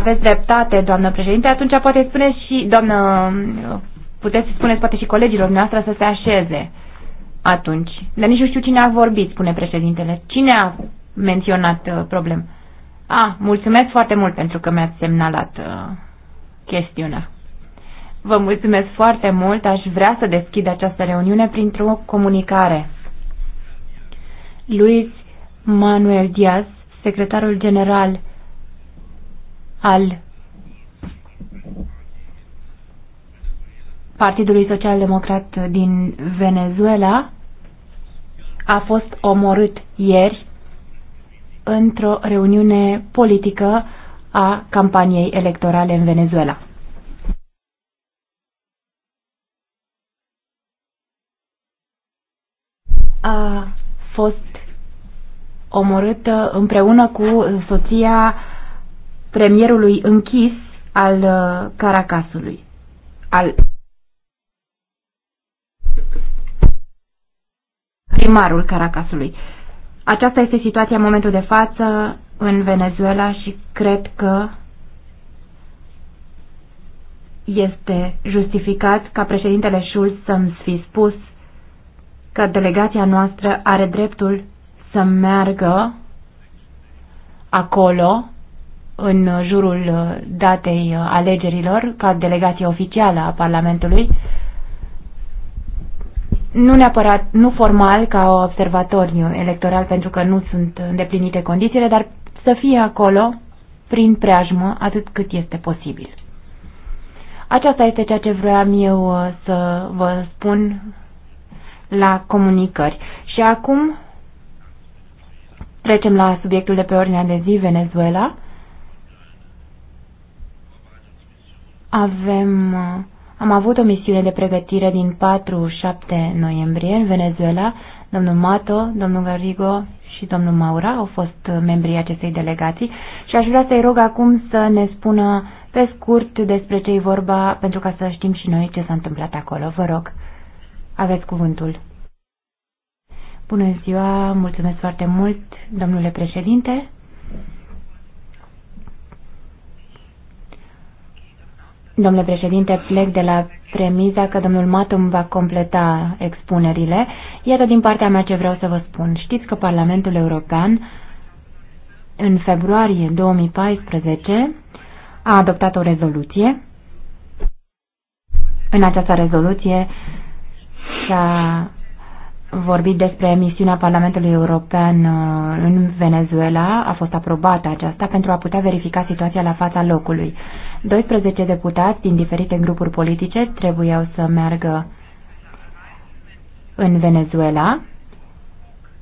Aveți dreptate, doamnă președinte, atunci poate spuneți și, doamnă, puteți spuneți poate și colegilor noastre să se așeze atunci. Dar nici nu știu cine a vorbit, spune președintele. Cine a menționat uh, problem? A, mulțumesc foarte mult pentru că mi-ați semnalat uh, chestiunea. Vă mulțumesc foarte mult. Aș vrea să deschid această reuniune printr-o comunicare. Luis Manuel Diaz, secretarul general al Partidului Social Democrat din Venezuela, a fost omorât ieri într-o reuniune politică a campaniei electorale în Venezuela. A fost omorât împreună cu soția premierului închis al uh, Caracasului. Al primarul Caracasului. Aceasta este situația în momentul de față în Venezuela și cred că este justificat ca președintele Schulz să-mi fi spus că delegația noastră are dreptul să meargă acolo în jurul uh, datei uh, alegerilor ca delegație oficială a Parlamentului, nu neapărat, nu formal ca observatoriu electoral pentru că nu sunt îndeplinite condițiile, dar să fie acolo prin preajmă atât cât este posibil. Aceasta este ceea ce vroiam eu uh, să vă spun la comunicări. Și acum Trecem la subiectul de pe ordinea de zi, Venezuela. Avem, uh, am avut o misiune de pregătire din 4-7 noiembrie în Venezuela. Domnul Mato, domnul Garrigo și domnul Maura au fost uh, membrii acestei delegații și aș vrea să-i rog acum să ne spună pe scurt despre ce e vorba pentru ca să știm și noi ce s-a întâmplat acolo. Vă rog, aveți cuvântul. Bună ziua, mulțumesc foarte mult, domnule președinte. Domnule președinte, plec de la premiza că domnul Matum va completa expunerile. Iată din partea mea ce vreau să vă spun. Știți că Parlamentul European în februarie 2014 a adoptat o rezoluție. În această rezoluție s-a vorbit despre misiunea Parlamentului European uh, în Venezuela, a fost aprobată aceasta pentru a putea verifica situația la fața locului. 12 deputați din diferite grupuri politice trebuiau să meargă în Venezuela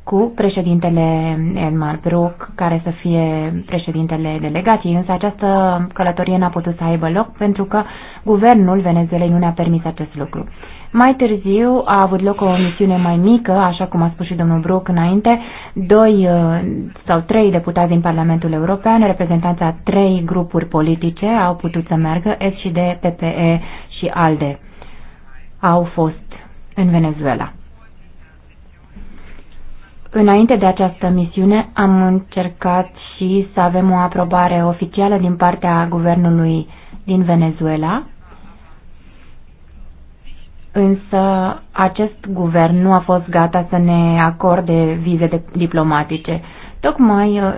cu președintele Elmar Brook, care să fie președintele delegației, însă această călătorie n-a putut să aibă loc pentru că guvernul Venezuelei nu ne-a permis acest lucru. Mai târziu a avut loc o misiune mai mică, așa cum a spus și domnul Brook înainte, doi uh, sau trei deputați din Parlamentul European, reprezentanța trei grupuri politice, au putut să meargă, SCD, PPE și ALDE. Au fost în Venezuela. Înainte de această misiune am încercat și să avem o aprobare oficială din partea guvernului din Venezuela însă acest guvern nu a fost gata să ne acorde vize de diplomatice. Tocmai uh,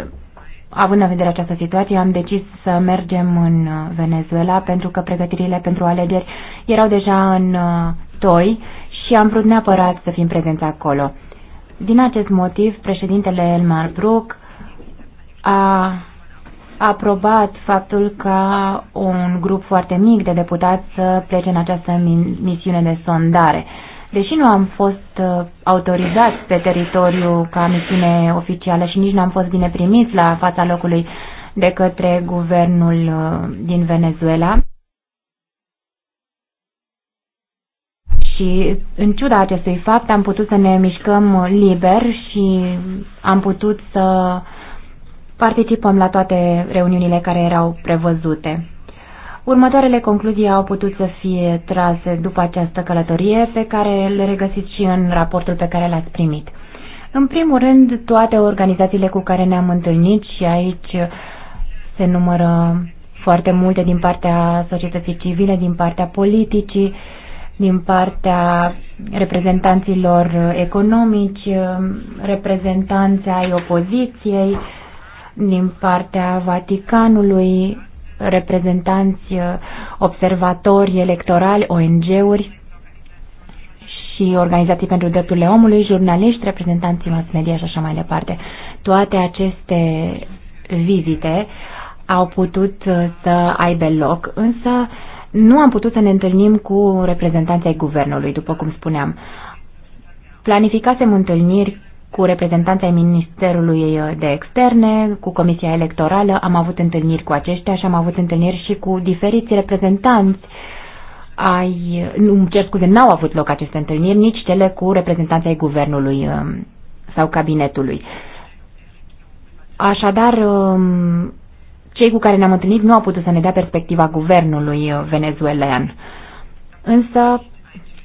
având în vedere această situație, am decis să mergem în uh, Venezuela pentru că pregătirile pentru alegeri erau deja în uh, toi și am vrut neapărat să fim prezenți acolo. Din acest motiv, președintele Elmar Brook a aprobat faptul ca un grup foarte mic de deputați să plece în această misiune de sondare. Deși nu am fost uh, autorizați pe teritoriu ca misiune oficială și nici n-am fost bine primiți la fața locului de către guvernul uh, din Venezuela, și în ciuda acestui fapt am putut să ne mișcăm liber și am putut să participăm la toate reuniunile care erau prevăzute. Următoarele concluzii au putut să fie trase după această călătorie pe care le regăsiți și în raportul pe care l-ați primit. În primul rând, toate organizațiile cu care ne-am întâlnit și aici se numără foarte multe din partea societății civile, din partea politicii, din partea reprezentanților economici, reprezentanții ai opoziției, din partea Vaticanului, reprezentanți, uh, observatori electorali, ONG-uri și organizații pentru drepturile omului, jurnaliști, reprezentanții mass media și așa mai departe. Toate aceste vizite au putut uh, să aibă loc, însă nu am putut să ne întâlnim cu reprezentanții ai guvernului, după cum spuneam. Planificasem întâlniri cu reprezentanții Ministerului uh, de Externe, cu Comisia Electorală, am avut întâlniri cu aceștia și am avut întâlniri și cu diferiți reprezentanți ai, nu, cer scuze, n-au avut loc aceste întâlniri, nici cele cu reprezentanții ai guvernului um, sau cabinetului. Așadar, um, cei cu care ne-am întâlnit nu au putut să ne dea perspectiva guvernului uh, venezuelan. Însă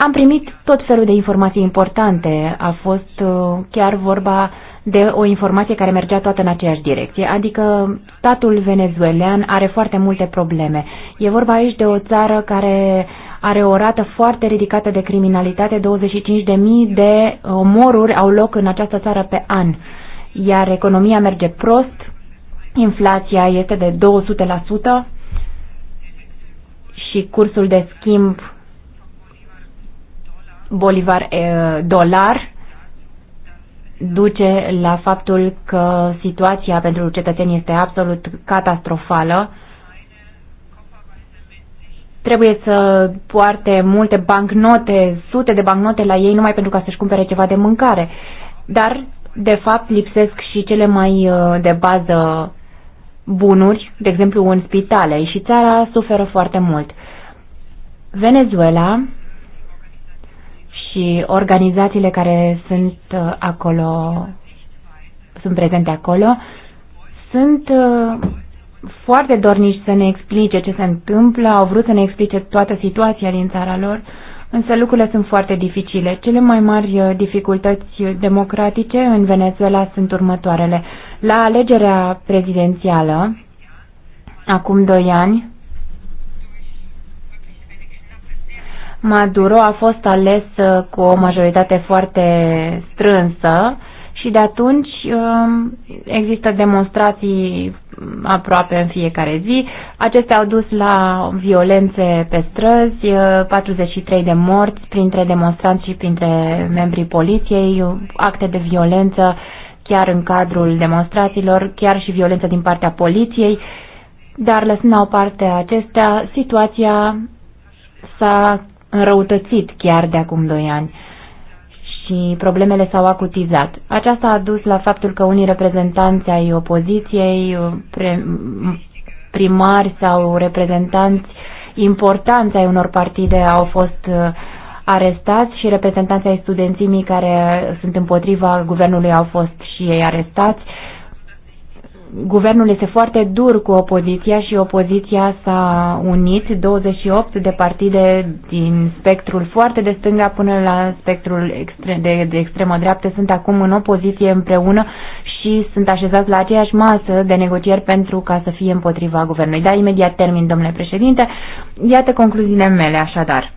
am primit tot felul de informații importante. A fost uh, chiar vorba de o informație care mergea toată în aceeași direcție, adică statul venezuelan are foarte multe probleme. E vorba aici de o țară care are o rată foarte ridicată de criminalitate, 25.000 de omoruri au loc în această țară pe an, iar economia merge prost, inflația este de 200% și cursul de schimb bolivar-dolar duce la faptul că situația pentru cetățeni este absolut catastrofală. Trebuie să poarte multe bancnote, sute de bancnote la ei numai pentru ca să-și cumpere ceva de mâncare. Dar, de fapt, lipsesc și cele mai de bază bunuri, de exemplu în spitale, și țara suferă foarte mult. Venezuela și organizațiile care sunt uh, acolo, sunt prezente acolo, sunt uh, foarte dornici să ne explice ce se întâmplă, au vrut să ne explice toată situația din țara lor, însă lucrurile sunt foarte dificile. Cele mai mari uh, dificultăți democratice în Venezuela sunt următoarele. La alegerea prezidențială, acum doi ani, Maduro a fost ales uh, cu o majoritate foarte strânsă și de atunci um, există demonstrații mm, aproape în fiecare zi. Acestea au dus la violențe pe străzi, 43 uh, de morți printre demonstranți și printre membrii poliției, acte de violență chiar în cadrul demonstrațiilor, chiar și violență din partea poliției. Dar lăsând la o parte acestea, situația s-a înrăutățit chiar de acum doi ani și problemele s-au acutizat. Aceasta a dus la faptul că unii reprezentanți ai opoziției, primari sau reprezentanți importanți ai unor partide au fost uh, arestați și reprezentanții ai studențimii care sunt împotriva guvernului au fost și ei arestați guvernul este foarte dur cu opoziția și opoziția s-a unit, 28 de partide din spectrul foarte de stânga până la spectrul extre- de, de extremă dreaptă sunt acum în opoziție împreună și sunt așezați la aceeași masă de negocieri pentru ca să fie împotriva guvernului. Da, imediat termin, domnule președinte. Iată concluziile mele, așadar.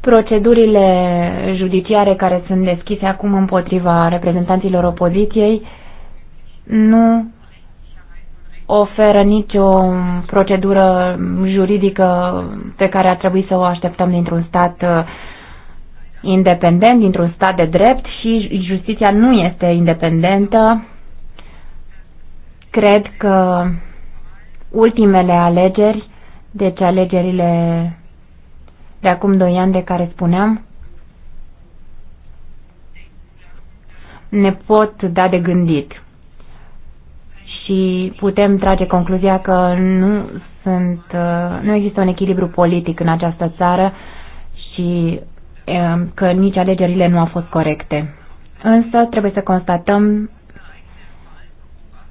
procedurile judiciare care sunt deschise acum împotriva reprezentanților opoziției nu oferă nicio procedură juridică pe care ar trebui să o așteptăm dintr-un stat uh, independent, dintr-un stat de drept și justiția nu este independentă. Cred că ultimele alegeri, deci alegerile de acum doi ani de care spuneam ne pot da de gândit și putem trage concluzia că nu, sunt, uh, nu există un echilibru politic în această țară și um, că nici alegerile nu au fost corecte. Însă trebuie să constatăm,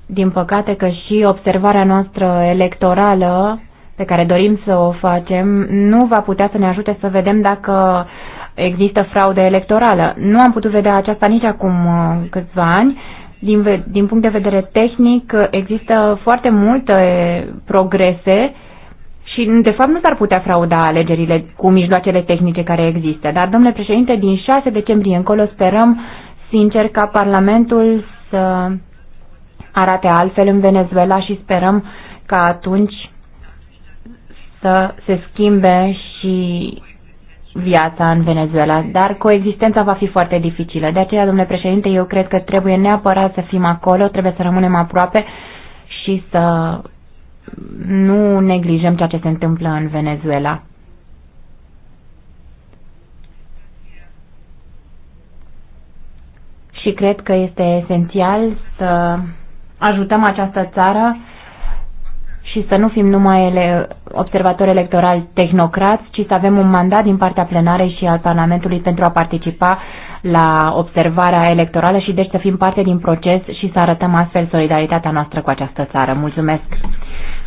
din păcate, că și observarea noastră electorală pe care dorim să o facem nu va putea să ne ajute să vedem dacă există fraude electorală. Nu am putut vedea aceasta nici acum uh, câțiva ani. Din, din punct de vedere tehnic uh, există foarte multe progrese și de fapt nu s-ar putea frauda alegerile cu mijloacele tehnice care există. Dar, domnule președinte, din 6 decembrie încolo sperăm sincer ca Parlamentul să arate altfel în Venezuela și sperăm ca atunci să se schimbe și viața în Venezuela, dar coexistența va fi foarte dificilă. De aceea, domnule președinte, eu cred că trebuie neapărat să fim acolo, trebuie să rămânem aproape și să nu neglijăm ceea ce se întâmplă în Venezuela. Și cred că este esențial să ajutăm această țară și să nu fim numai ele observatori electorali tehnocrați, ci să avem un mandat din partea plenarei și al Parlamentului pentru a participa la observarea electorală și deci să fim parte din proces și să arătăm astfel solidaritatea noastră cu această țară. Mulțumesc!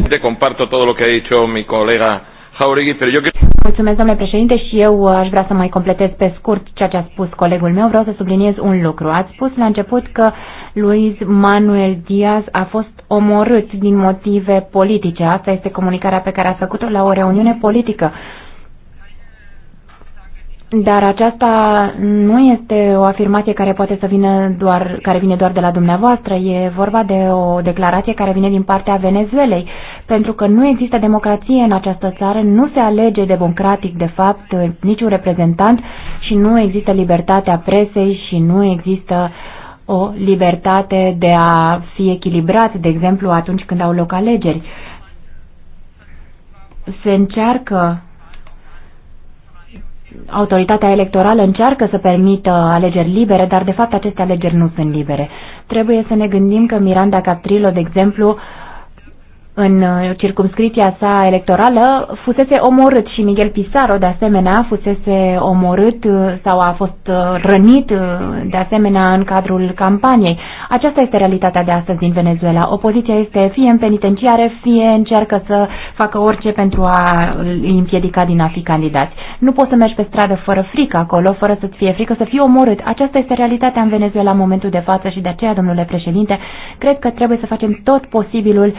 Te comparto tot lo que dicho mi colega Jauregui, pero yo cred... Mulțumesc, domnule președinte, și eu aș vrea să mai completez pe scurt ceea ce a spus colegul meu. Vreau să subliniez un lucru. Ați spus la început că Luis Manuel Diaz a fost omorât din motive politice. Asta este comunicarea pe care a făcut-o la o reuniune politică. Dar aceasta nu este o afirmație care poate să vină doar, care vine doar de la dumneavoastră, e vorba de o declarație care vine din partea Venezuelei, pentru că nu există democrație în această țară, nu se alege democratic de fapt niciun reprezentant și nu există libertatea presei și nu există o libertate de a fi echilibrat, de exemplu, atunci când au loc alegeri. Se încearcă autoritatea electorală încearcă să permită alegeri libere, dar de fapt aceste alegeri nu sunt libere. Trebuie să ne gândim că Miranda Captrilo, de exemplu, în uh, circumscripția sa electorală fusese omorât și Miguel Pizarro de asemenea fusese omorât uh, sau a fost uh, rănit de asemenea în cadrul campaniei. Aceasta este realitatea de astăzi din Venezuela. Opoziția este fie în penitenciare, fie încearcă să facă orice pentru a îi împiedica din a fi candidați. Nu poți să mergi pe stradă fără frică acolo, fără să-ți fie frică să fii omorât. Aceasta este realitatea în Venezuela în momentul de față și de aceea, domnule președinte, cred că trebuie să facem tot posibilul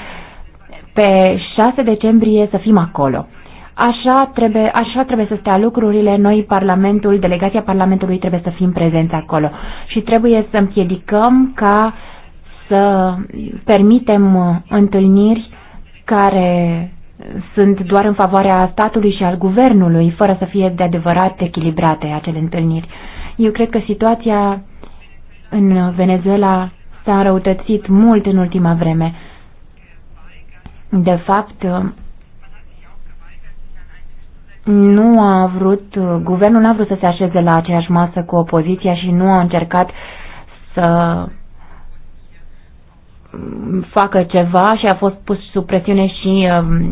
pe 6 decembrie să fim acolo. Așa trebuie, așa trebuie să stea lucrurile. Noi, Parlamentul, delegația Parlamentului trebuie să fim prezenți acolo și trebuie să împiedicăm ca să permitem întâlniri care sunt doar în favoarea statului și al guvernului, fără să fie de adevărat echilibrate acele întâlniri. Eu cred că situația în Venezuela s-a înrăutățit mult în ultima vreme de fapt, nu a vrut, guvernul n-a vrut să se așeze la aceeași masă cu opoziția și nu a încercat să facă ceva și a fost pus sub presiune și um,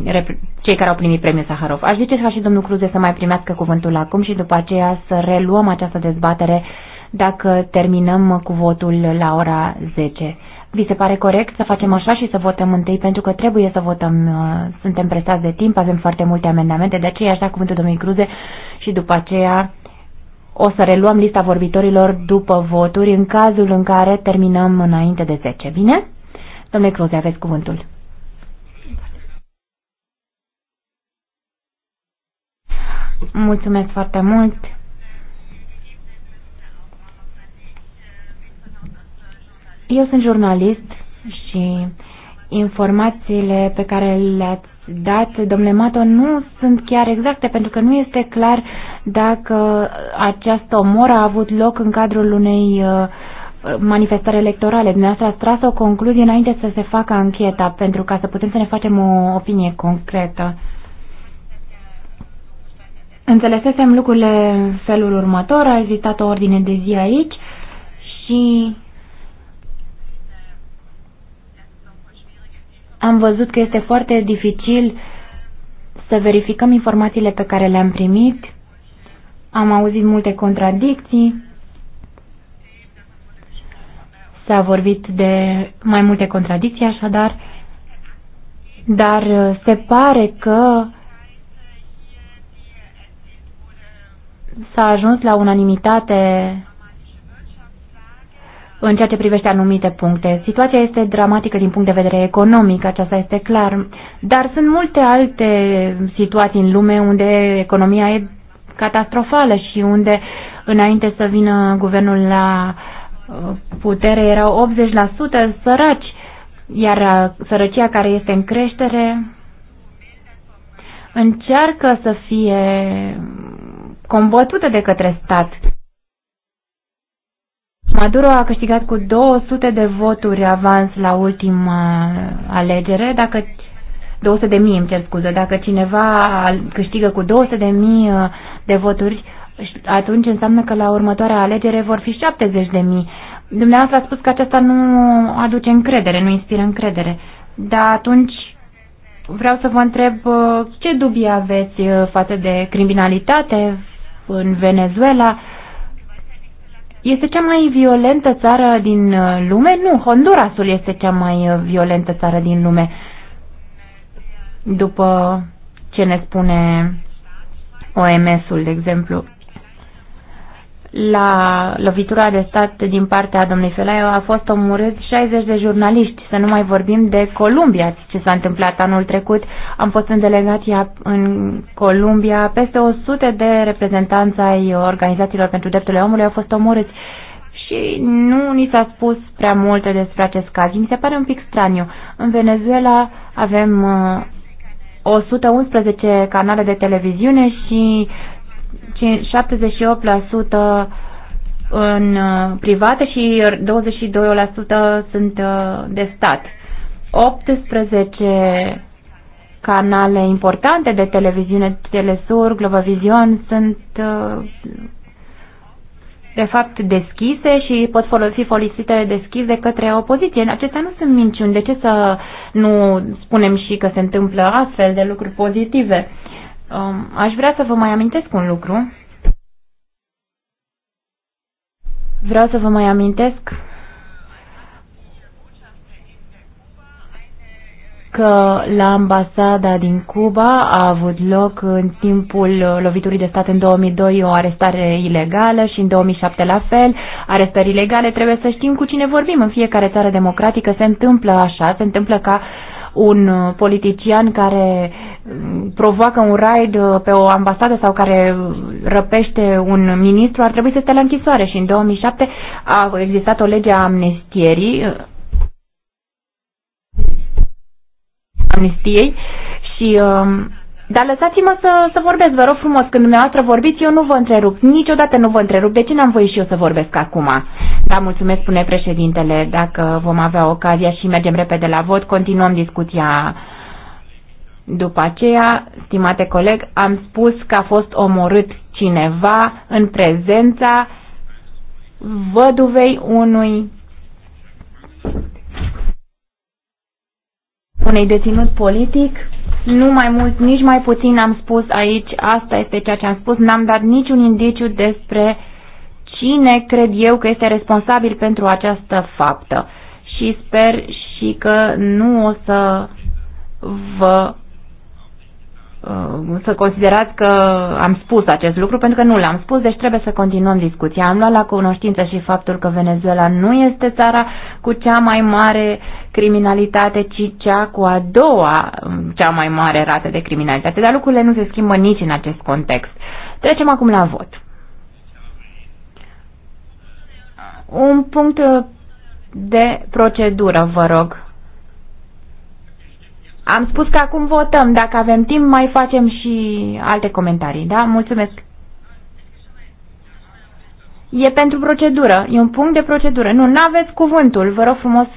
cei care au primit premiul Saharov. Aș zice ca și domnul Cruze să mai primească cuvântul acum și după aceea să reluăm această dezbatere dacă terminăm cu votul la ora 10. Vi se pare corect să facem așa și să votăm întâi, pentru că trebuie să votăm. Uh, suntem presați de timp, avem foarte multe amendamente, de aceea așa cuvântul domnului Cruze și după aceea o să reluăm lista vorbitorilor după voturi, în cazul în care terminăm înainte de 10. Bine? Domnule Cruze, aveți cuvântul. Mulțumesc foarte mult. Eu sunt jurnalist și informațiile pe care le-ați dat, domnule Mato, nu sunt chiar exacte, pentru că nu este clar dacă această omoră a avut loc în cadrul unei uh, manifestări electorale. Dumneavoastră ați tras o concluzie înainte să se facă ancheta, pentru ca să putem să ne facem o opinie concretă. Înțelesesem lucrurile în felul următor, a existat o ordine de zi aici și am văzut că este foarte dificil să verificăm informațiile pe care le-am primit. Am auzit multe contradicții. S-a vorbit de mai multe contradicții, așadar, dar uh, se pare că s-a ajuns la unanimitate în ceea ce privește anumite puncte. Situația este dramatică din punct de vedere economic, aceasta este clar, dar sunt multe alte situații în lume unde economia e catastrofală și unde înainte să vină guvernul la uh, putere erau 80% săraci, iar uh, sărăcia care este în creștere încearcă să fie combătută de către stat. Maduro a câștigat cu 200 de voturi avans la ultima uh, alegere, dacă 200 de mii, îmi cer scuze, dacă cineva câștigă cu 200 de mii uh, de voturi, atunci înseamnă că la următoarea alegere vor fi 70 de mii. Dumneavoastră a spus că aceasta nu aduce încredere, nu inspiră încredere. Dar atunci vreau să vă întreb uh, ce dubii aveți față de criminalitate în Venezuela, este cea mai violentă țară din uh, lume? Nu, Hondurasul este cea mai uh, violentă țară din lume. După ce ne spune OMS-ul, de exemplu la lovitura de stat din partea domnului Felaio a fost omorât 60 de jurnaliști, să nu mai vorbim de Columbia, ce s-a întâmplat anul trecut. Am fost în delegația în Columbia, peste 100 de reprezentanți ai organizațiilor pentru drepturile omului au fost omorâți și nu ni s-a spus prea multe despre acest caz. Mi se pare un pic straniu. În Venezuela avem 111 uh, canale de televiziune și 78% în uh, private și 22% sunt uh, de stat. 18 canale importante de televiziune, Telesur, Globovision, sunt uh, de fapt deschise și pot fi folosite deschis de către opoziție. Acestea nu sunt minciuni. De ce să nu spunem și că se întâmplă astfel de lucruri pozitive? Um, aș vrea să vă mai amintesc un lucru. Vreau să vă mai amintesc că la ambasada din Cuba a avut loc în timpul loviturii de stat în 2002 o arestare ilegală și în 2007 la fel. Arestări ilegale trebuie să știm cu cine vorbim. În fiecare țară democratică se întâmplă așa, se întâmplă ca un politician care provoacă un raid uh, pe o ambasadă sau care răpește un ministru ar trebui să stea la închisoare și în 2007 a existat o lege a amnestierii uh, amnestiei și um, dar lăsați-mă să, să vorbesc, vă rog frumos, când dumneavoastră vorbiți, eu nu vă întrerup, niciodată nu vă întrerup, de ce n-am voie și eu să vorbesc acum? Da, mulțumesc, spune președintele, dacă vom avea ocazia și mergem repede la vot, continuăm discuția după aceea, stimate coleg, am spus că a fost omorât cineva în prezența văduvei unui unei deținut politic. Nu mai mult, nici mai puțin am spus aici, asta este ceea ce am spus, n-am dat niciun indiciu despre cine cred eu că este responsabil pentru această faptă. Și sper și că nu o să vă Uh, să considerați că am spus acest lucru, pentru că nu l-am spus, deci trebuie să continuăm discuția. Am luat la cunoștință și faptul că Venezuela nu este țara cu cea mai mare criminalitate, ci cea cu a doua um, cea mai mare rată de criminalitate, dar lucrurile nu se schimbă nici în acest context. Trecem acum la vot. Un punct de procedură, vă rog. Am spus că acum votăm. Dacă avem timp, mai facem și alte comentarii. Da? Mulțumesc. E pentru procedură. E un punct de procedură. Nu, n-aveți cuvântul. Vă rog frumos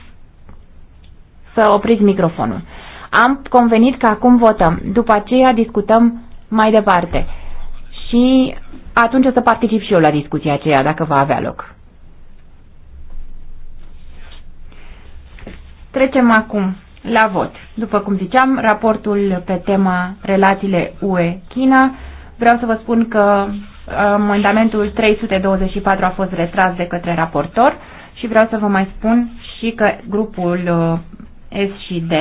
să opriți microfonul. Am convenit că acum votăm. După aceea discutăm mai departe. Și atunci o să particip și eu la discuția aceea, dacă va avea loc. Trecem acum la vot. După cum ziceam, raportul pe tema relațiile UE-China. Vreau să vă spun că amendamentul 324 a fost retras de către raportor și vreau să vă mai spun și că grupul uh, S și D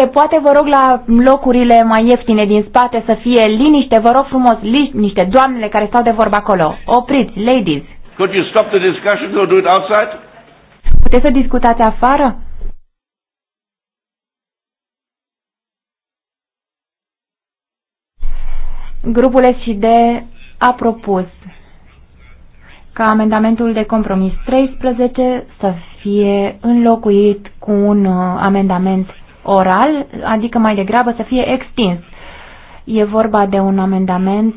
se poate, vă rog, la locurile mai ieftine din spate să fie liniște, vă rog frumos, liniște, doamnele care stau de vorbă acolo. Opriți, ladies. Could you stop the discussion or do it outside? Puteți să discutați afară? Grupul SID a propus ca amendamentul de compromis 13 să fie înlocuit cu un uh, amendament oral, adică mai degrabă să fie extins. E vorba de un amendament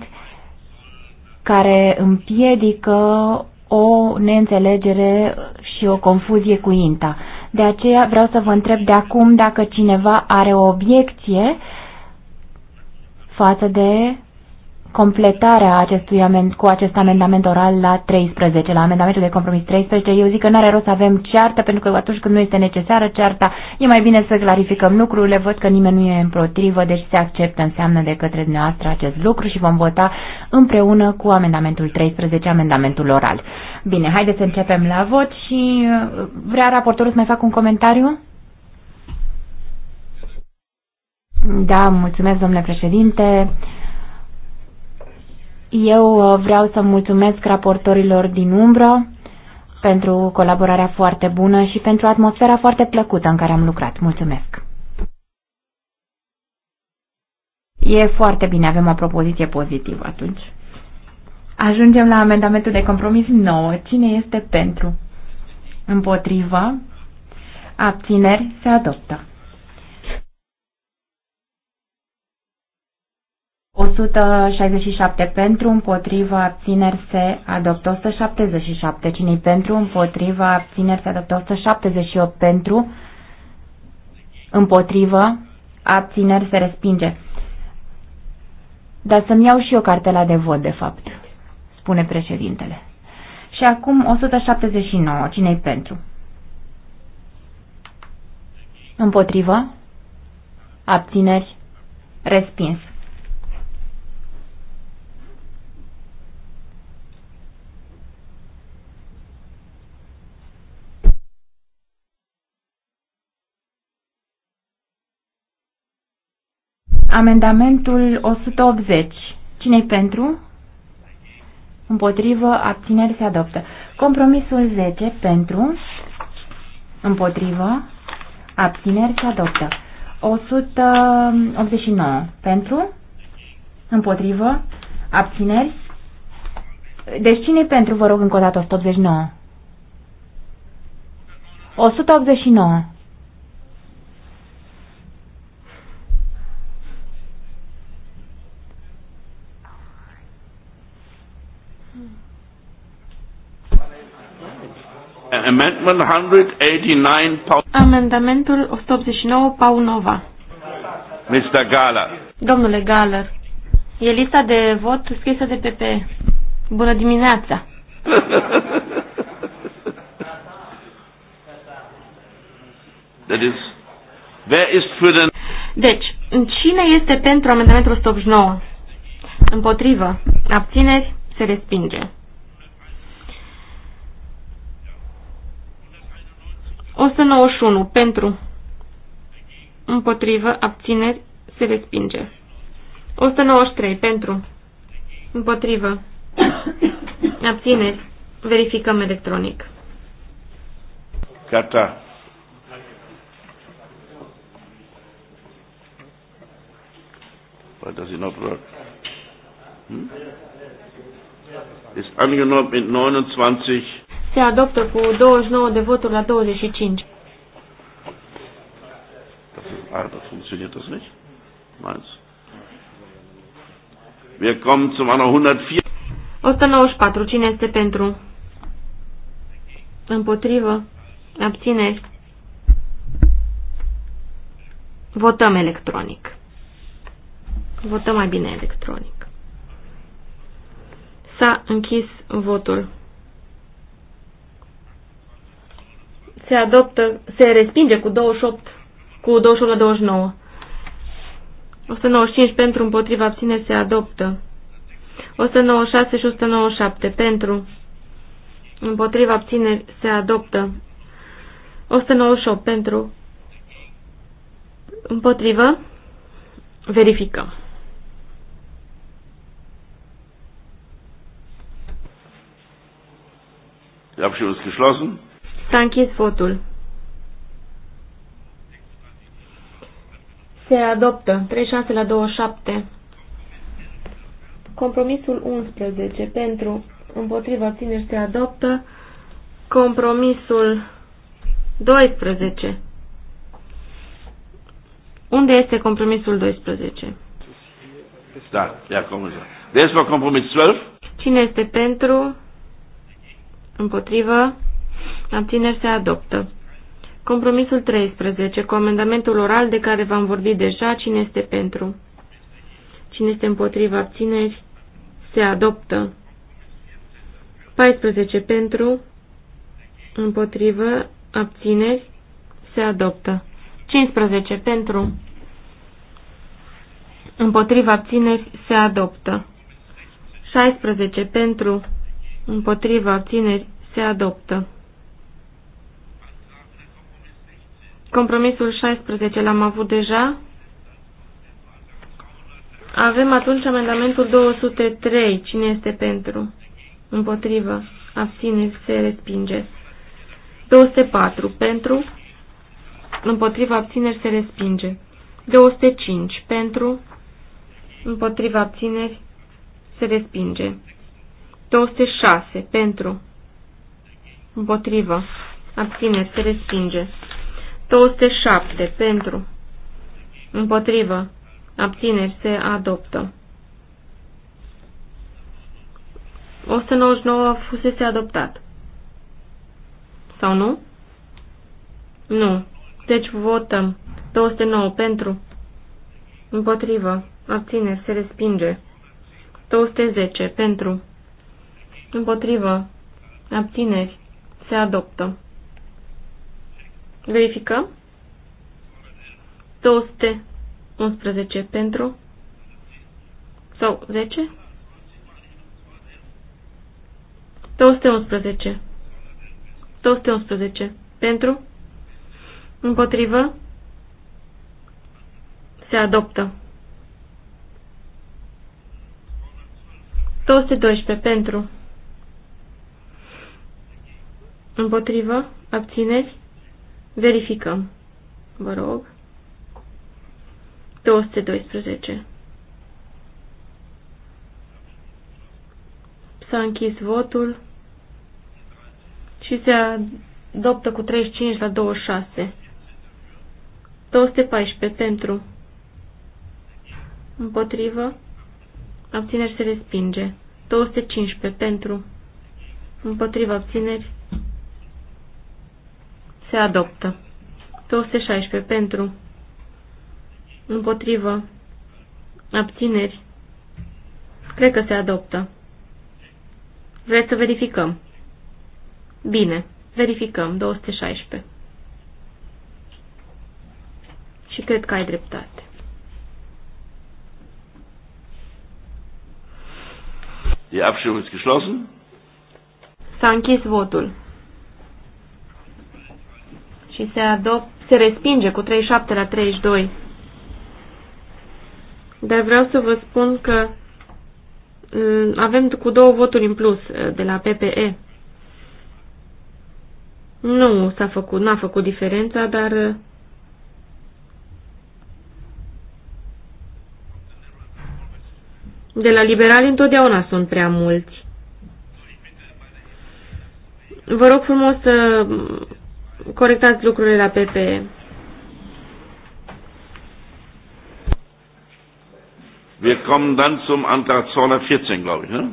care împiedică o neînțelegere și o confuzie cu INTA. De aceea vreau să vă întreb de acum dacă cineva are o obiecție față de completarea acestui amend, cu acest amendament oral la 13, la amendamentul de compromis 13. Eu zic că nu are rost să avem ceartă, pentru că atunci când nu este necesară cearta, e mai bine să clarificăm lucrurile. Văd că nimeni nu e împotrivă, deci se acceptă înseamnă de către dumneavoastră acest lucru și vom vota împreună cu amendamentul 13, amendamentul oral. Bine, haideți să începem la vot și uh, vrea raportorul să mai fac un comentariu? Da, mulțumesc, domnule președinte. Eu uh, vreau să mulțumesc raportorilor din umbră pentru colaborarea foarte bună și pentru atmosfera foarte plăcută în care am lucrat. Mulțumesc! E foarte bine, avem o propoziție pozitivă atunci. Ajungem la amendamentul de compromis 9. Cine este pentru? Împotriva? Abțineri? Se adoptă. 167 pentru, împotrivă, abțineri se adoptă 177. cine pentru, împotrivă, abțineri se adoptă 178 pentru, împotrivă, abțineri se respinge. Dar să-mi iau și eu cartela de vot, de fapt, spune președintele. Și acum 179. Cine-i pentru? Împotrivă? Abțineri? Respins. Amendamentul 180. Cine-i pentru? Împotrivă, abțineri se adoptă. Compromisul 10 pentru, împotrivă, abțineri se adoptă. 189 pentru, împotrivă, abțineri. Deci cine pentru, vă rog încă o dată, 189? 189. Amendment 189 Amendamentul 189 Paunova. Mr. Gala. Domnule Galler e lista de vot scrisă de PP. Bună dimineața! That is, where is for the... Deci, cine este pentru amendamentul 189? Împotrivă. Abțineri? Se respinge. 191 pentru, împotrivă, abțineri, se respinge. 193 pentru, împotrivă, abțineri, verificăm electronic. Gata. Why does it not work? Hmm? Ist angenommen mit 29 se adoptă cu 29 de voturi la 25. Arba funktioniert das nicht? Meins. Wir kommen zum 104. 194. Cine este pentru? Împotrivă? Abțineri? Votăm electronic. Votăm mai bine electronic. S-a închis votul. se adoptă, se respinge cu 28, cu 28 la 29. 195 pentru împotriva abține se adoptă. 196 și 197 pentru împotriva abține se adoptă. 198 pentru împotrivă verificăm. Die Abstimmung ist geschlossen. S-a închis votul. Se adoptă 36 la 27. Compromisul 11 pentru împotriva țineri se adoptă. Compromisul 12. Unde este compromisul 12? Da, ia deci, compromisul. Deci compromisul 12. Cine este pentru? împotriva? Abțineri se adoptă. Compromisul 13. Cu amendamentul oral de care v-am vorbit deja, cine este pentru? Cine este împotriva abțineri? Se adoptă. 14. Pentru, împotrivă, abțineri, se adoptă. 15. Pentru, împotriva abțineri, se adoptă. 16. Pentru, împotriva abțineri, se adoptă. Compromisul 16 l-am avut deja. Avem atunci amendamentul 203. Cine este pentru? Împotrivă. Abține. Se respinge. 204. Pentru. Împotrivă. Abțineri. Se respinge. 205. Pentru. Împotrivă. Abțineri. Se respinge. 206. Pentru. Împotrivă. Abține. Se respinge. 207 pentru, împotrivă, abțineri, se adoptă. 199 fusese adoptat. Sau nu? Nu. Deci votăm. 209 pentru. Împotrivă. Abțineri. Se respinge. 210 pentru. Împotrivă. Abțineri. Se adoptă. Verificăm. 211 pentru sau 10? 211. 211. Pentru? Împotrivă? Se adoptă. 212. Pentru? Împotrivă? Abțineri? Verificăm. Vă rog. 212. S-a închis votul și se adoptă cu 35 la 26. 214 pentru. Împotrivă. Abțineri se respinge. 215 pentru. Împotrivă abțineri se adoptă. 216 pentru. Împotrivă. Abțineri. Cred că se adoptă. Vreți să verificăm? Bine. Verificăm. 216. Și cred că ai dreptate. Die Abstimmung ist geschlossen. S-a închis votul și se, adop, se respinge cu 37 la 32. Dar vreau să vă spun că mm, avem cu două voturi în plus eh, de la PPE. Nu s-a făcut, n-a făcut diferența, dar eh, de la liberali întotdeauna sunt prea mulți. Vă rog frumos să corectați lucrurile la PPE. Wir kommen dann zum Antrag 214, glaube ich, ne?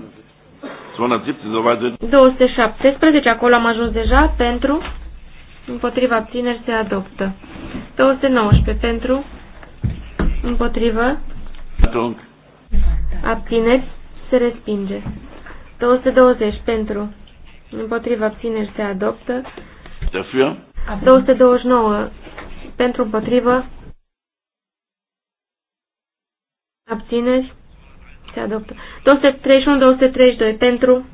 217, soweit sind. 217, acolo am ajuns deja, pentru, împotriva abțineri se adoptă. 219, pentru, împotrivă, abțineri se respinge. 220, pentru, împotriva abțineri se adoptă dafür. 229 pentru împotrivă. Abțineri. Se adoptă. 231-232 pentru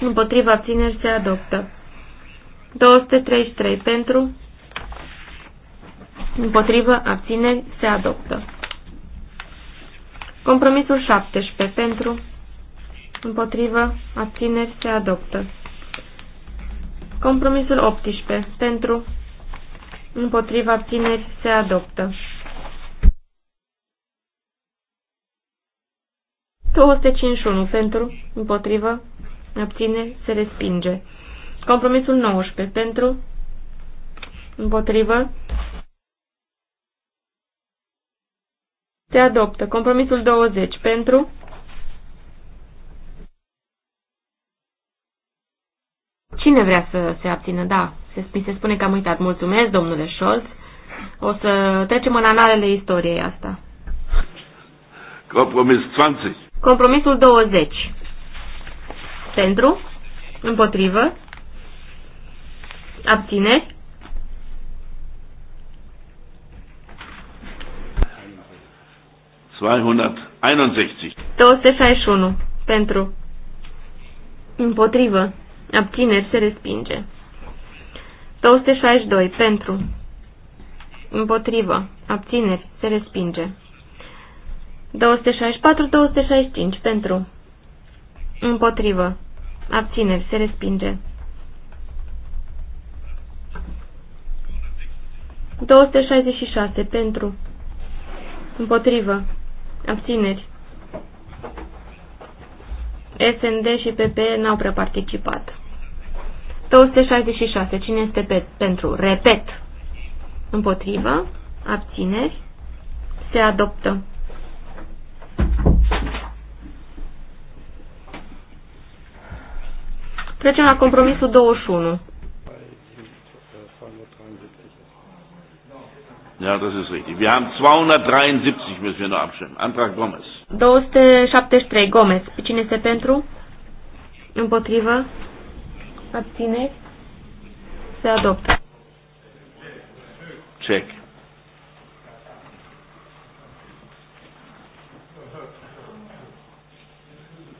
împotrivă abțineri se adoptă. 233 pentru împotrivă abțineri se adoptă. Compromisul 17 pentru împotrivă abțineri se adoptă. Compromisul 18. Pentru. Împotriva abțineri se adoptă. 251 pentru, împotriva abțineri, se respinge. Compromisul 19 pentru, împotriva se adoptă. Compromisul 20 pentru, Cine vrea să se abțină? Da, se, mi se spune că am uitat. Mulțumesc, domnule Scholz. O să trecem în analele istoriei asta. Compromis 20. Compromisul 20. Pentru, împotrivă, Abține? ...261 pentru împotrivă Abțineri se respinge. 262. Pentru. Împotrivă. Abțineri se respinge. 264-265. Pentru. Împotrivă. Abțineri se respinge. 266. Pentru. Împotrivă. Abțineri. SND și PP n-au prea participat. 266. Cine este pe, pentru? Repet. Împotrivă. Abțineri. Se adoptă. Trecem la compromisul 21. Ja, das ist richtig. Wir haben 273 müssen wir noch abstimmen. Antrag Gomez. 273 Gomez. Cine este pentru? Împotrivă? Abțineri? Se adoptă. Check.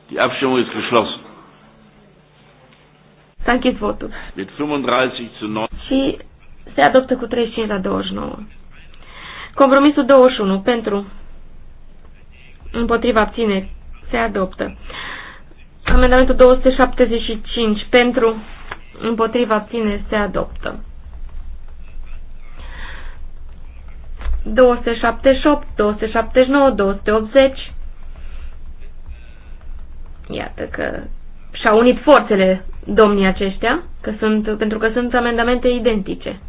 Die Abstimmung ist geschlossen. S-a închis votul. Mit 35 zu 9. Și se adoptă cu 35 la 29. Compromisul 21 pentru împotriva abțineri se adoptă. Amendamentul 275 pentru împotriva ține se adoptă. 278, 279, 280. Iată că și-au unit forțele domnii aceștia, că sunt, pentru că sunt amendamente identice.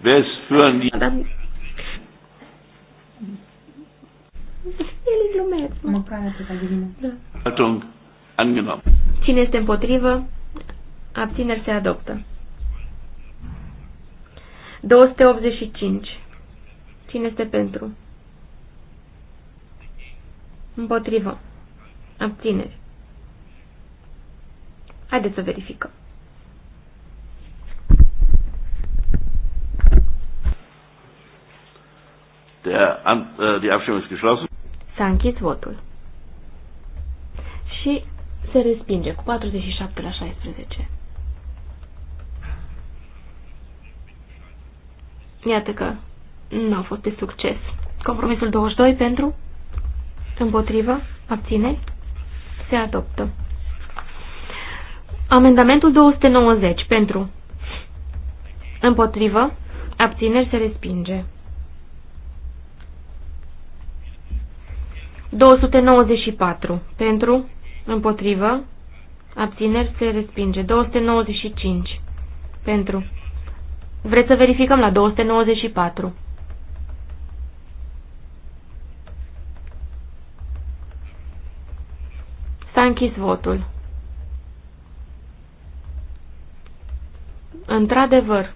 Vezi, da. El e nu da. Angenommen. Cine este împotrivă? Abțineri se adoptă. 285. Cine este pentru? Împotrivă. Abțineri. Haideți să verificăm. Der, an, äh, die Abstimmung ist geschlossen. S-a închis votul. Și se respinge cu 47 la 16. Iată că nu a fost de succes. Compromisul 22 pentru? Împotrivă? Abține? Se adoptă. Amendamentul 290 pentru? Împotrivă? Abțineri se respinge. 294 pentru, împotrivă, abțineri se respinge. 295 pentru. Vreți să verificăm la 294. S-a închis votul. Într-adevăr,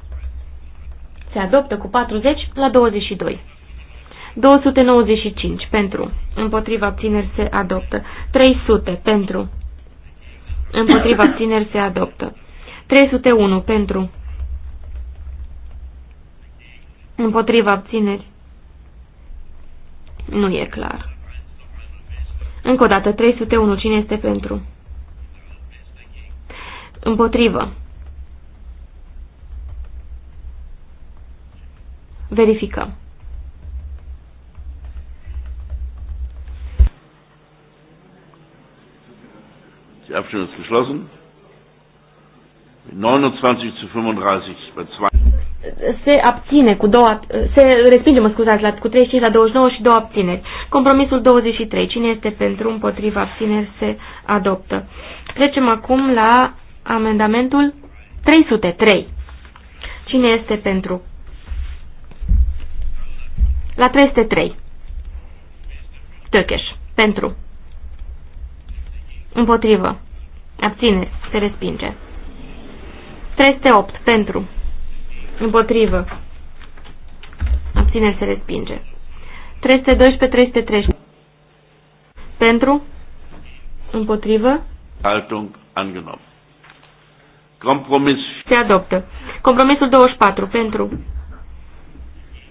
se adoptă cu 40 la 22. 295 pentru, împotriva abțineri se adoptă. 300 pentru, împotriva abțineri se adoptă. 301 pentru, împotriva abțineri. Nu e clar. Încă o dată, 301, cine este pentru? Împotrivă. Verificăm. Die Abstimmung ist geschlossen. 29 zu 35 bei 2. Se abține cu două, se respinge, mă scuzați, la, cu 35 la 29 și două abțineri. Compromisul 23. Cine este pentru, împotriva, abțineri, se adoptă. Trecem acum la amendamentul 303. Cine este pentru? La 303. Tökeș. Pentru. Împotrivă. Abțineri. Se respinge. 308. Pentru. Împotrivă. Abțineri. Se respinge. 312-313. Pentru. Împotrivă. Haltung Angenom. Compromis. Se adoptă. Compromisul 24. Pentru.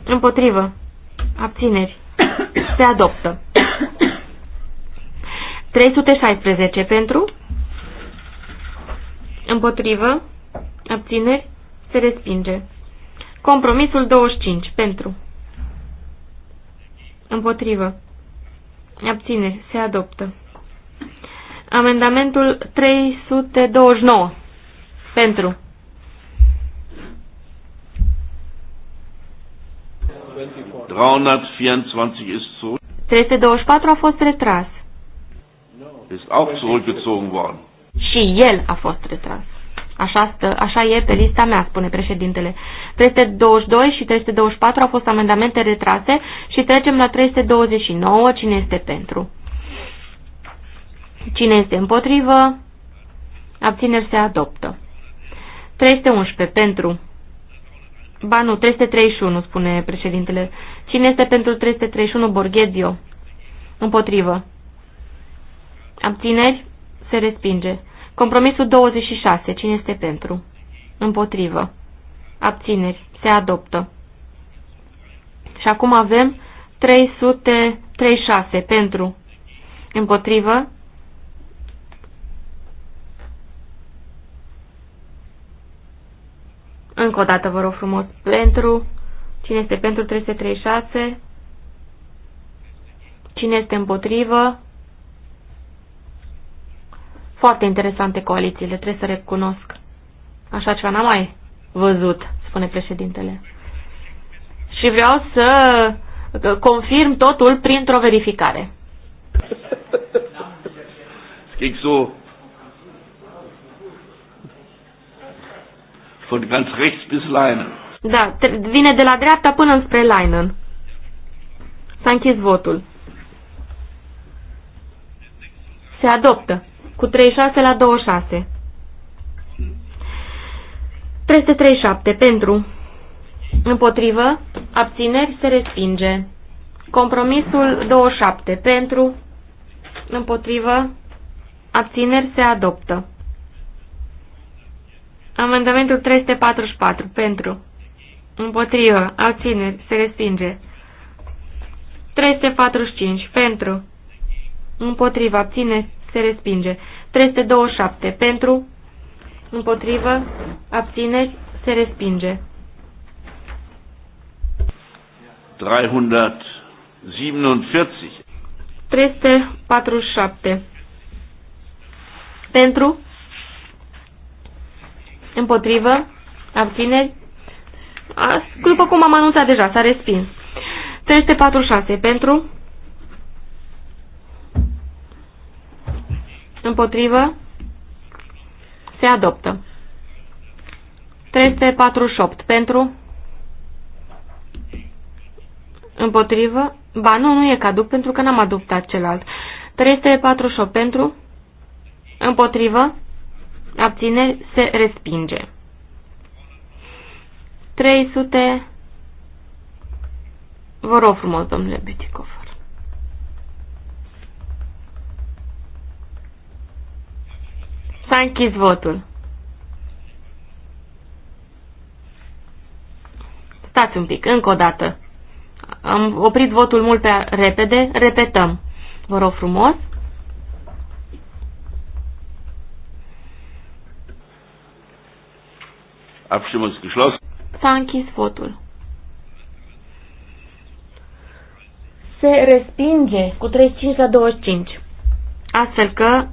Împotrivă. Abțineri. Se adoptă. 316 pentru. Împotrivă. Abțineri. Se respinge. Compromisul 25. Pentru. Împotrivă. Abțineri. Se adoptă. Amendamentul 329. Pentru. ist 324 a fost retras. Este auch zurückgezogen worden și el a fost retras. Așa, stă, așa e pe lista mea, spune președintele. 322 și 324 au fost amendamente retrase și trecem la 329. Cine este pentru? Cine este împotrivă? Abțineri se adoptă. 311 pentru. Ba nu, 331, spune președintele. Cine este pentru 331? Borghezio. Împotrivă. Abțineri? Se respinge. Compromisul 26. Cine este pentru? Împotrivă. Abțineri. Se adoptă. Și acum avem 336 pentru. Împotrivă. Încă o dată vă rog frumos. Pentru. Cine este pentru 336? Cine este împotrivă? Foarte interesante coalițiile, trebuie să recunosc. Așa ceva n-am mai văzut, spune președintele. Și vreau să confirm totul printr-o verificare. Schixu! von ganz rechts bis Leinen. Da, vine de la dreapta până înspre Leinen. S-a închis votul. Se adoptă cu 36 la 26. 337 pentru, împotrivă, abțineri se respinge. Compromisul 27 pentru, împotrivă, abțineri se adoptă. Amendamentul 344 pentru, împotrivă, abțineri se respinge. 345 pentru, împotrivă, abțineri se respinge. 327 pentru, împotrivă, abțineri, se respinge. 347 347 pentru, împotrivă, abțineri, după cum am anunțat deja, s-a respins. 346 pentru, Împotrivă? Se adoptă. 348. Pentru? Împotrivă? Ba, nu, nu e caduc pentru că n-am adoptat celălalt. 348. Pentru? Împotrivă? Abține? Se respinge. 300... Vă rog frumos, domnule Biticov. S-a închis votul. Stați un pic, încă o dată. Am oprit votul mult prea repede. Repetăm. Vă rog frumos. S-a închis votul. Se respinge cu 35 la 25. Astfel că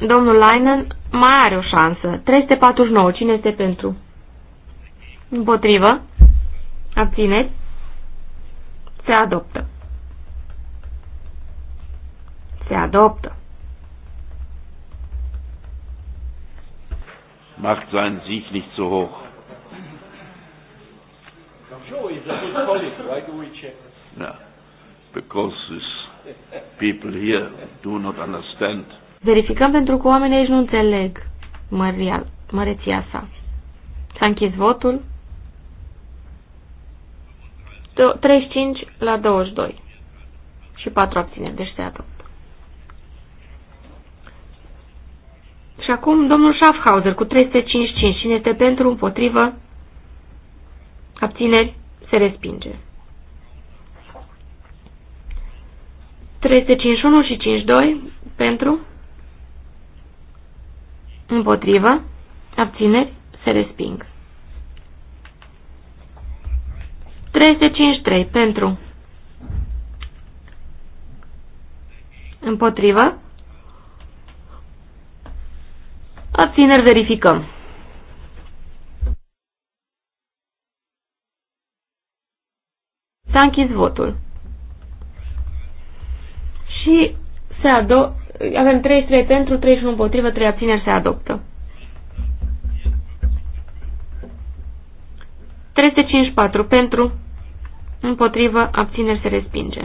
Domnul Leinen mai are o șansă. 349. Cine este pentru? Împotrivă. Abțineți. Se adoptă. Se adoptă. Macht seinen Sieg nicht so hoch. No, because these people here do not understand. Verificăm pentru că oamenii aici nu înțeleg măria, măreția sa. S-a închis votul. 35 la 22 și 4 abțineri, deci se adoptă. Și acum domnul Schaffhauser cu 355. Cine este pentru, împotrivă, abțineri, se respinge. 351 și 52 pentru, Împotrivă. Abțineri. Se resping. 353. Pentru. Împotrivă. Abțineri verificăm. S-a închis votul. Și se, ado avem 33 pentru, 31 împotrivă, 3 abțineri se adoptă. 354 pentru, împotrivă, abțineri se respinge.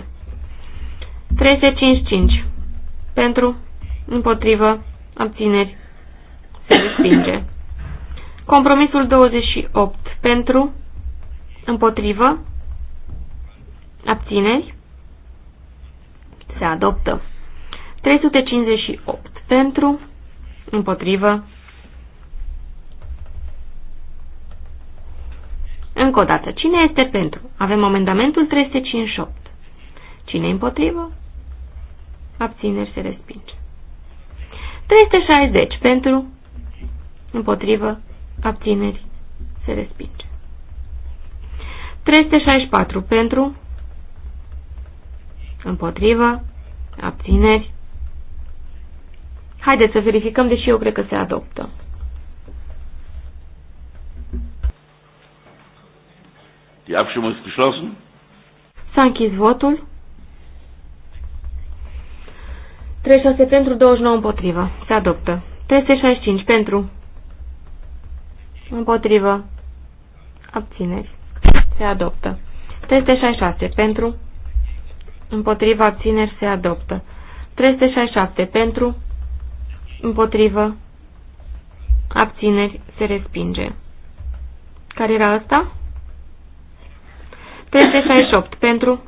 355 pentru, împotrivă, abțineri se respinge. Compromisul 28 pentru, împotrivă, abțineri se adoptă. 358 pentru, împotrivă, Încă o dată, cine este pentru? Avem amendamentul 358. Cine împotrivă? Abțineri se respinge. 360 pentru, împotrivă, abțineri se respinge. 364 pentru, împotrivă, abțineri Haideți să verificăm, deși eu cred că se adoptă. Die Abstimmung ist geschlossen. S-a închis votul. 36 pentru, 29 împotrivă. Se adoptă. 365 pentru. Împotrivă. Abțineri. Se adoptă. 366 pentru. Împotrivă abțineri se adoptă. 367 pentru. Împotrivă. Abțineri. Se respinge. Care era asta? 368. Pentru.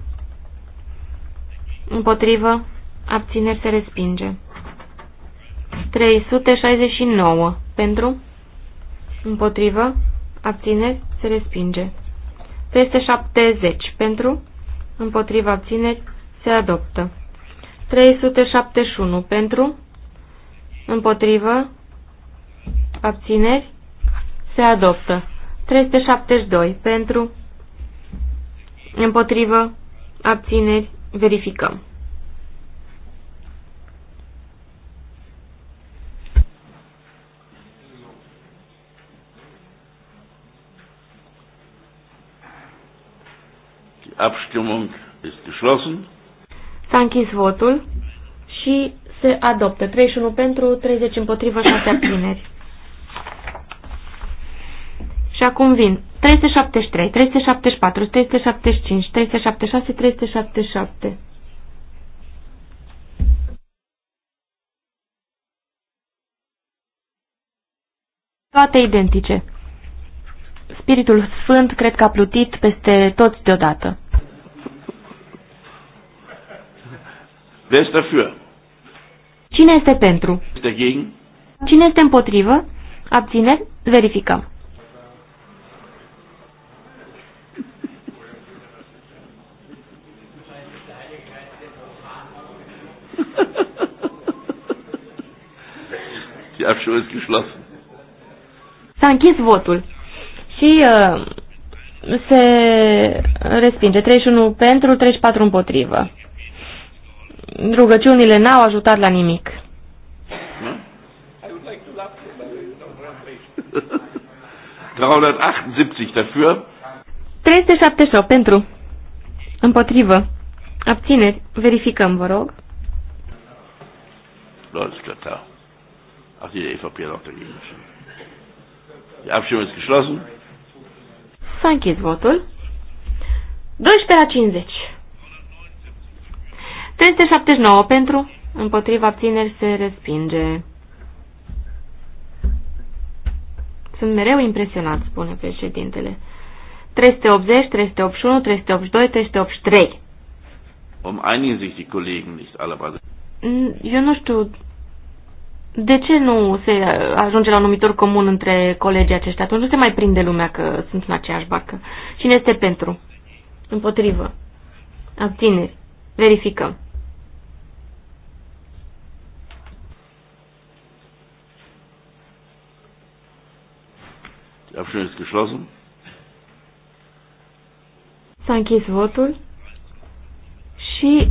Împotrivă. Abțineri. Se respinge. 369. Pentru. Împotrivă. Abțineri. Se respinge. 370. Pentru. Împotriva abțineri. Se adoptă. 371. Pentru. Împotrivă. Abțineri. Se adoptă. 372. Pentru. Împotrivă. Abțineri. Verificăm. Abstimmung Este geschlossen. S-a închis votul și se adoptă. 31 pentru, 30 împotrivă, 6 abțineri. Și acum vin 373, 374, 375, 376, 377. Toate identice. Spiritul Sfânt cred că a plutit peste toți deodată. Wer ist dafür? Cine este pentru? Cine este împotrivă? Abțineri? Verificăm. S-a închis votul și uh, se respinge 31 pentru, 34 împotrivă rugăciunile n-au ajutat la nimic. Hmm? dafür. 378 pentru. Împotrivă. Abțineri. Verificăm, vă rog. S-a închis votul. 12 la 50. 379 pentru, împotriva abțineri se respinge. Sunt mereu impresionat, spune președintele. 380, 381, 382, 383. Um einigen sich die Kollegen nicht alle bei Eu nu știu de ce nu se ajunge la un numitor comun între colegii aceștia. Atunci nu se mai prinde lumea că sunt în aceeași barcă. Cine este pentru? Împotrivă. Abțineri. Verificăm. Der Abstimmung ist geschlossen. S-a închis votul și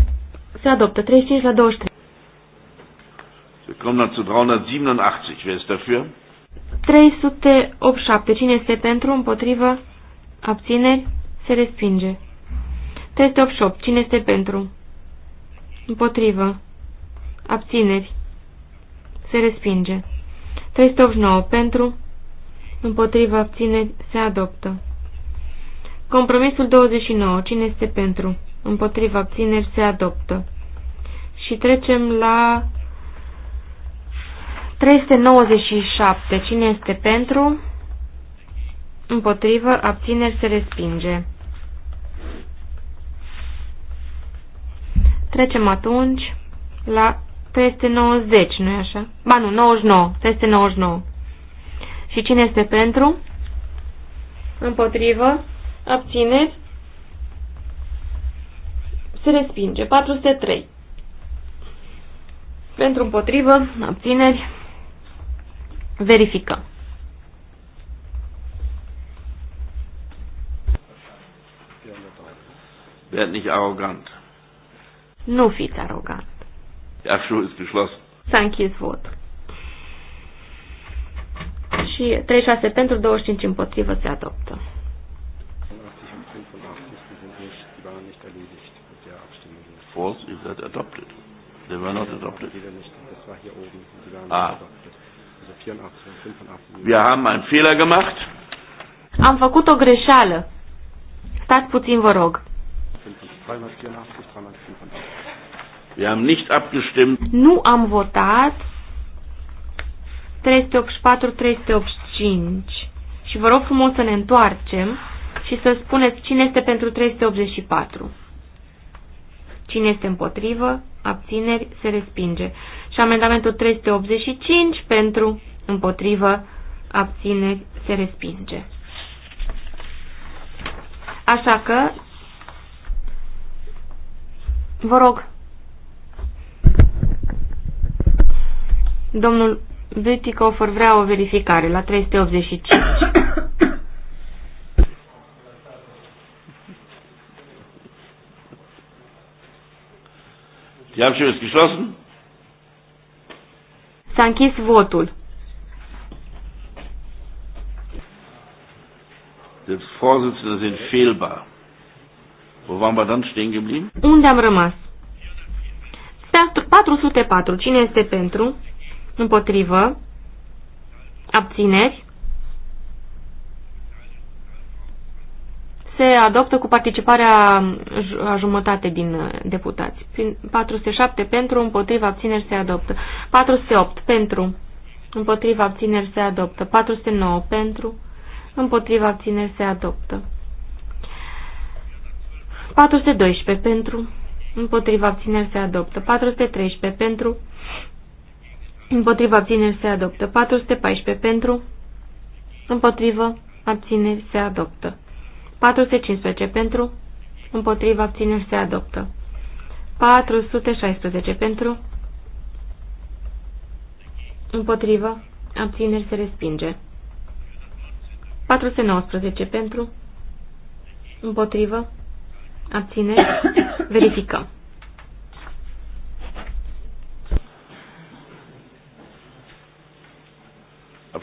se adoptă 35 la 23. Wir kommen dann zu 387. Wer ist dafür? 387. Cine este pentru, împotrivă, abțineri, se respinge. 388. Cine este pentru? Împotrivă. Abțineri. Se respinge. 389. Pentru împotriva abține se adoptă. Compromisul 29. Cine este pentru? Împotriva abțineri se adoptă. Și trecem la 397. Cine este pentru? Împotrivă, abțineri se respinge. Trecem atunci la 390, nu-i așa? Ba nu, 99, 399. Și cine este pentru? Împotrivă. Abțineți. Se respinge. 403. Pentru împotrivă, abțineri, verificăm. Werd nicht arrogant. Nu fiți arogant. Der Schuh ist geschlossen. S-a închis votul și 36 pentru, 25 împotrivă se adoptă. False Ah. Am făcut o greșeală. Stați puțin, vă rog. Wir haben nicht abgestimmt. Nu am votat 384-385 și vă rog frumos să ne întoarcem și să spuneți cine este pentru 384. Cine este împotrivă, abțineri, se respinge. Și amendamentul 385 pentru împotrivă, abțineri, se respinge. Așa că, vă rog, domnul Bütikofer vrea o verificare la 385. Die Abstimmung ist geschlossen. Sankis votul. Der Vorsitzende sind fehlbar. Wo waren wir dann stehen geblieben? Unde am rămas? 404. Cine este pentru? Împotrivă. Abțineri. Se adoptă cu participarea a jumătate din uh, deputați. 407 pentru, împotrivă, abțineri se adoptă. 408 pentru, împotrivă, abțineri se adoptă. 409 pentru, împotrivă, abțineri se adoptă. 412 pentru, împotrivă, abțineri se adoptă. 413 pentru, Împotriva abțineri se adoptă. 414 pentru. Împotrivă abțineri se adoptă. 415 pentru. Împotriva abțineri se adoptă. 416 pentru. Împotrivă abțineri se respinge. 419 pentru. Împotrivă abțineri verificăm.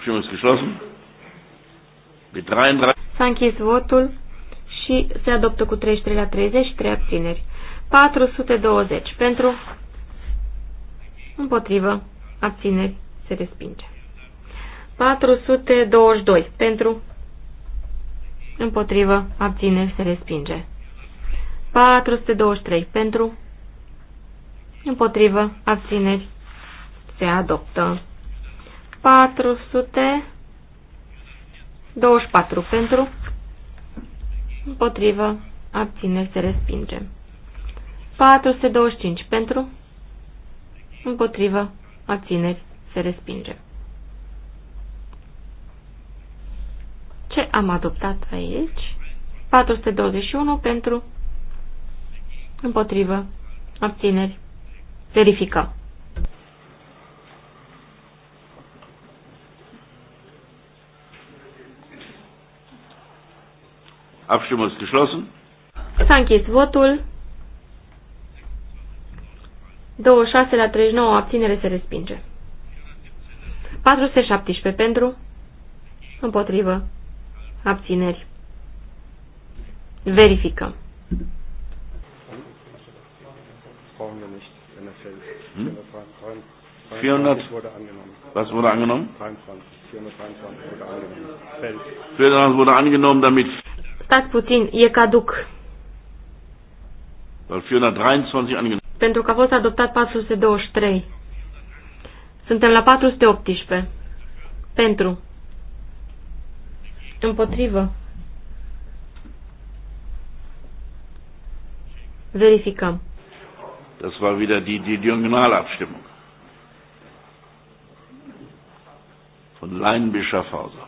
Abstimmung ist geschlossen. Mit 33. S-a închis votul și se adoptă cu 33 la 33 abțineri. 420 pentru, împotrivă, abțineri, se respinge. 422 pentru, împotrivă, abțineri, se respinge. 423 pentru, împotrivă, abțineri, se adoptă. 424 pentru, împotrivă, abține se respinge. 425 pentru, împotrivă, abține se respinge. Ce am adoptat aici? 421 pentru, împotrivă, abțineri, verificăm. Abstimmung ist geschlossen. S-a închis votul. 26 la 39 abținere se respinge. 417 pentru, împotrivă, abțineri. Verificăm. Hmm? 400, was wurde angenommen? 423 wurde angenommen, damit Stați puțin, e caduc. Pentru că a fost adoptat 423. Suntem la 418. Pentru. Împotrivă. Verificăm. Das war wieder die, die Diagonalabstimmung. Von Leinen bis Schaffhauser.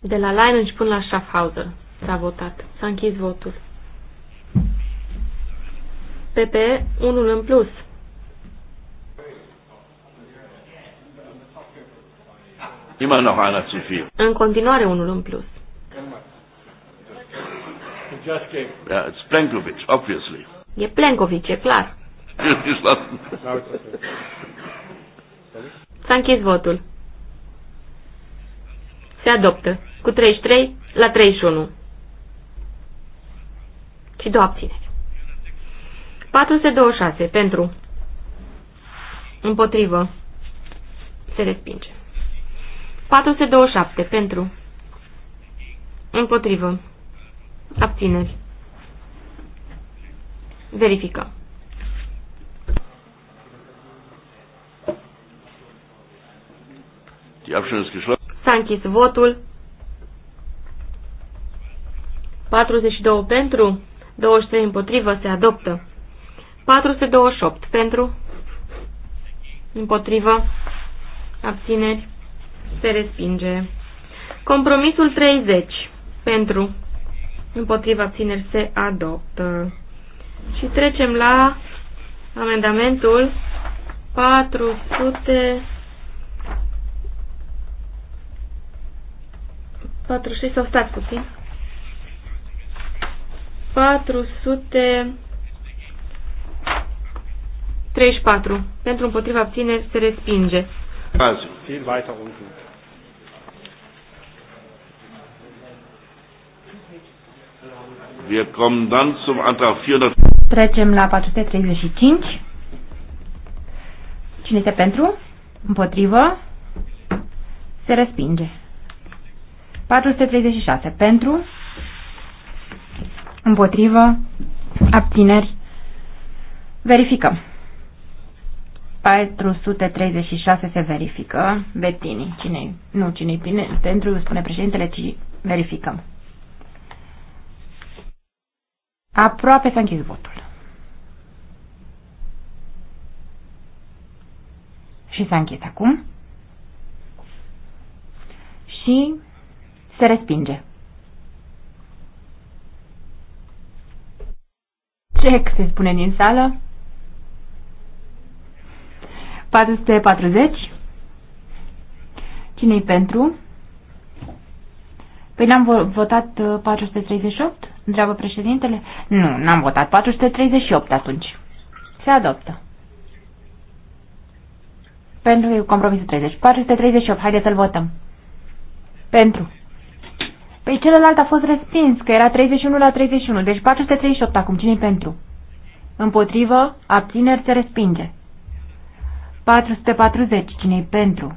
De la Leinen și până la Schaffhauser. S-a votat. S-a închis votul. PP, unul în plus. Immer noch einer zu viel. În continuare unul în plus. Yeah, it's Plenkovic, obviously. E Plenkovic, e clar. S-a închis votul. Se adoptă. Cu 33 la 31 și două abțineri. 426 pentru împotrivă se respinge. 427 pentru împotrivă abțineri. Verifică. S-a închis votul. 42 pentru, 23 împotrivă se adoptă. 428 pentru, împotrivă, abțineri, se respinge. Compromisul 30 pentru, împotrivă, abțineri, se adoptă. Și trecem la amendamentul 400... 46 sau stați puțin. 434. Pentru împotriva abține se respinge. Wir kommen dann zum Antrag Trecem la 435. Cine este pentru? Împotrivă? Se respinge. 436. Pentru? Împotrivă? Abțineri? Verificăm. 436 se verifică. Bettini. cine Nu, cine bine. Pentru, spune președintele, ci verificăm. Aproape s-a închis votul. Și s-a închis acum. Și se respinge. Check, se spune din sală. 440. Cine-i pentru? Păi n-am votat 438? Uh, întreabă președintele. Nu, n-am votat 438 atunci. Se adoptă. Pentru compromisul 30. 438, haideți să-l votăm. Pentru. Păi celălalt a fost respins, că era 31 la 31, deci 438 acum, cine pentru? Împotrivă, abțineri, se respinge. 440, cine pentru?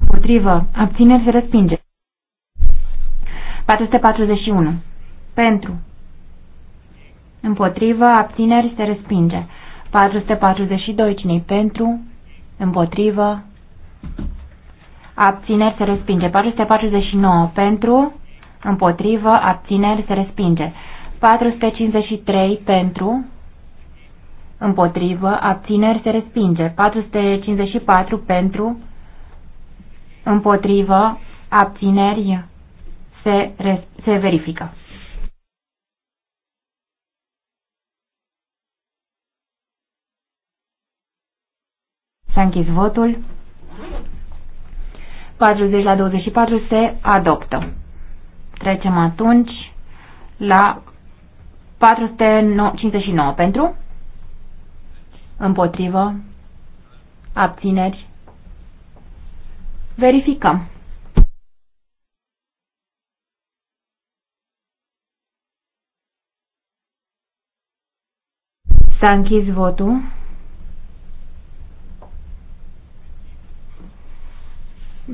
Împotrivă, abțineri, se respinge. 441, pentru. Împotrivă, abțineri, se respinge. 442, cine pentru? Împotrivă, abțineri, se respinge. 449, pentru împotrivă, abțineri, se respinge. 453 pentru, împotrivă, abțineri, se respinge. 454 pentru, împotrivă, abțineri, se, se verifică. S-a închis votul. 40 la 24 se adoptă. Trecem atunci la 459 pentru, împotrivă, abțineri. Verificăm. S-a închis votul.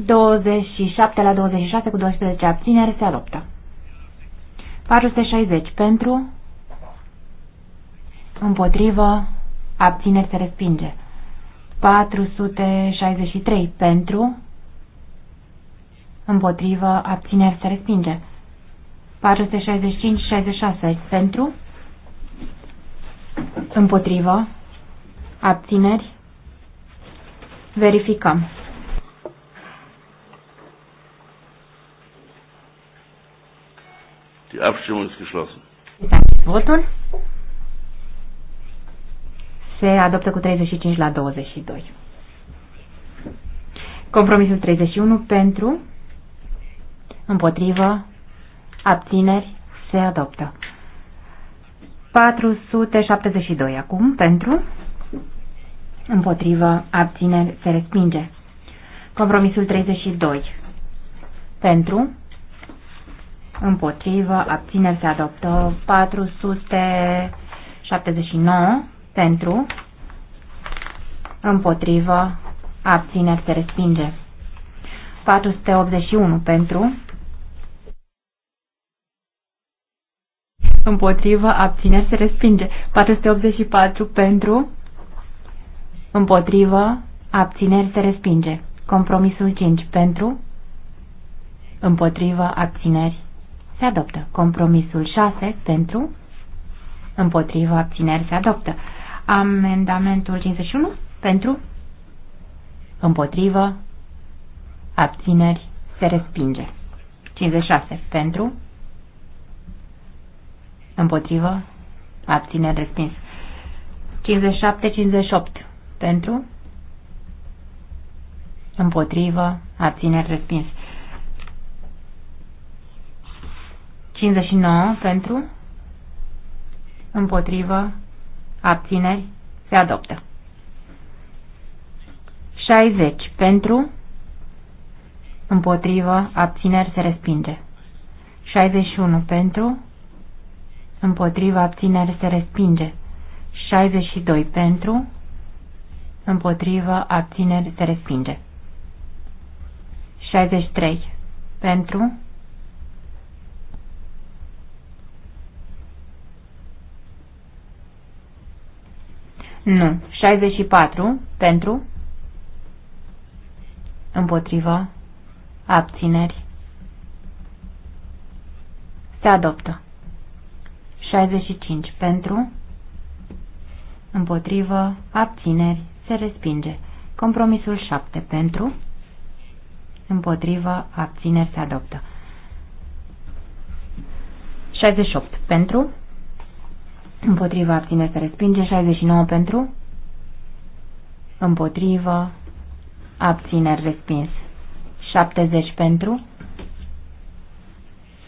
27 la 26 cu 12 abțineri se adoptă. 460 pentru, împotrivă, abțineri se respinge. 463 pentru, împotrivă, abțineri se respinge. 465-66 pentru, împotrivă, abțineri, verificăm. Die Abstimmung ist geschlossen. Votul se adoptă cu 35 la 22. Compromisul 31 pentru, împotrivă, abțineri, se adoptă. 472 acum pentru, împotrivă, abțineri, se respinge. Compromisul 32 pentru, împotrivă, abțineri se adoptă 479 pentru, împotrivă, abțineri se respinge. 481 pentru, împotrivă, abțineri se respinge. 484 pentru, împotrivă, abțineri se respinge. Compromisul 5 pentru, împotrivă, abțineri se adoptă. Compromisul 6 pentru, împotrivă, abțineri se adoptă. Amendamentul 51 pentru, împotrivă, abțineri se respinge. 56 pentru, împotrivă, abțineri respins. 57-58 pentru, împotrivă, abțineri respins. 59 pentru, împotrivă, abțineri, se adoptă. 60 pentru, împotrivă, abțineri, se respinge. 61 pentru, împotrivă, abțineri, se respinge. 62 pentru, împotrivă, abțineri, se respinge. 63 pentru, Nu. 64 pentru? Împotrivă. Abțineri. Se adoptă. 65 pentru? Împotrivă. Abțineri. Se respinge. Compromisul 7 pentru? Împotrivă. Abțineri. Se adoptă. 68 pentru? Împotriva abține se respinge. 69 pentru. Împotriva Abțineri respins. 70 pentru.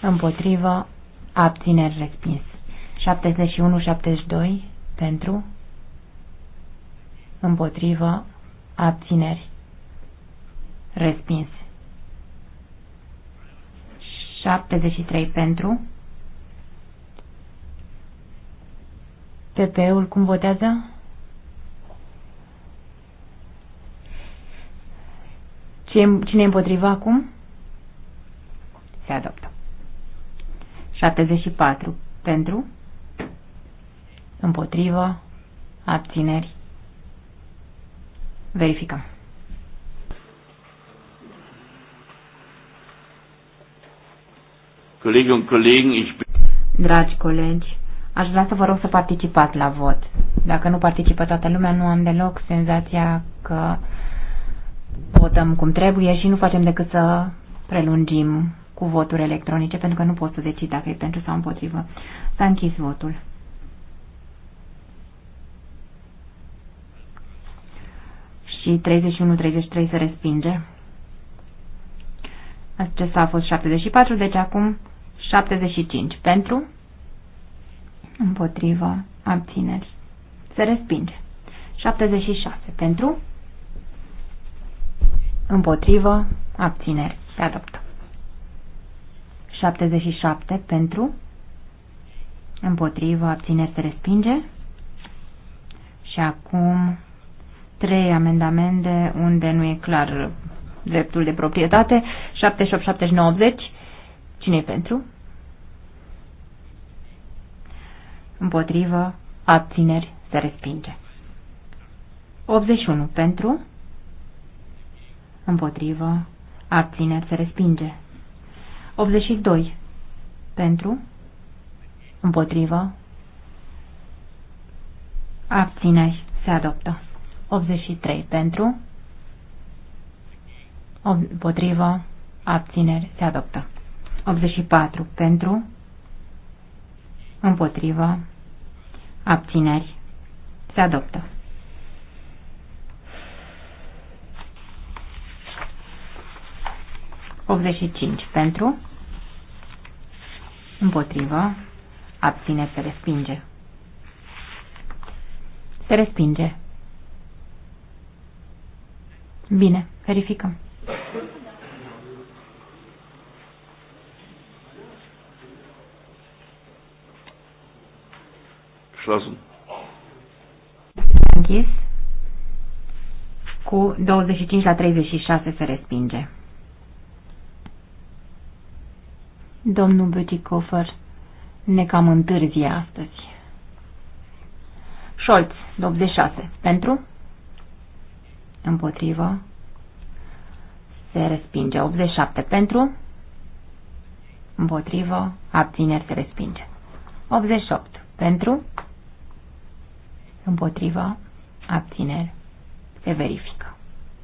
Împotriva Abțineri respins. 71-72 pentru. Împotrivă. Abțineri. Respins. 73 pentru. PP-ul cum votează? Cine e împotriva acum? Se adoptă. 74. Pentru? Împotrivă? Abțineri? Verificăm. Colegi ich bin Dragi colegi, Aș vrea să vă rog să participați la vot. Dacă nu participă toată lumea, nu am deloc senzația că votăm cum trebuie și nu facem decât să prelungim cu voturi electronice, pentru că nu pot să decid dacă e pentru sau împotrivă. S-a închis votul. Și 31-33 se respinge. Acesta a fost 74, deci acum 75. Pentru? Împotrivă. Abțineri. Se respinge. 76. Pentru. Împotrivă. Abțineri. Se adoptă. 77. Pentru. Împotrivă. Abțineri. Se respinge. Și acum trei amendamente unde nu e clar dreptul de proprietate. 78, 79, 80. Cine e pentru? împotrivă, abțineri, se respinge. 81. Pentru, împotrivă, abțineri, se respinge. 82. Pentru, împotrivă, abțineri, se adoptă. 83. Pentru, împotrivă, abțineri, se adoptă. 84. Pentru, împotrivă, abțineri, se adoptă. cinci pentru, împotrivă, abține, se respinge. Se respinge. Bine, verificăm. geschlossen. Închis. Cu 25 la 36 se respinge. Domnul Băticofer ne cam întârzie astăzi. Scholz, 86. Pentru? Împotrivă. Se respinge. 87. Pentru? Împotrivă. Abțineri se respinge. 88. Pentru? împotriva, abțineri, se verifică.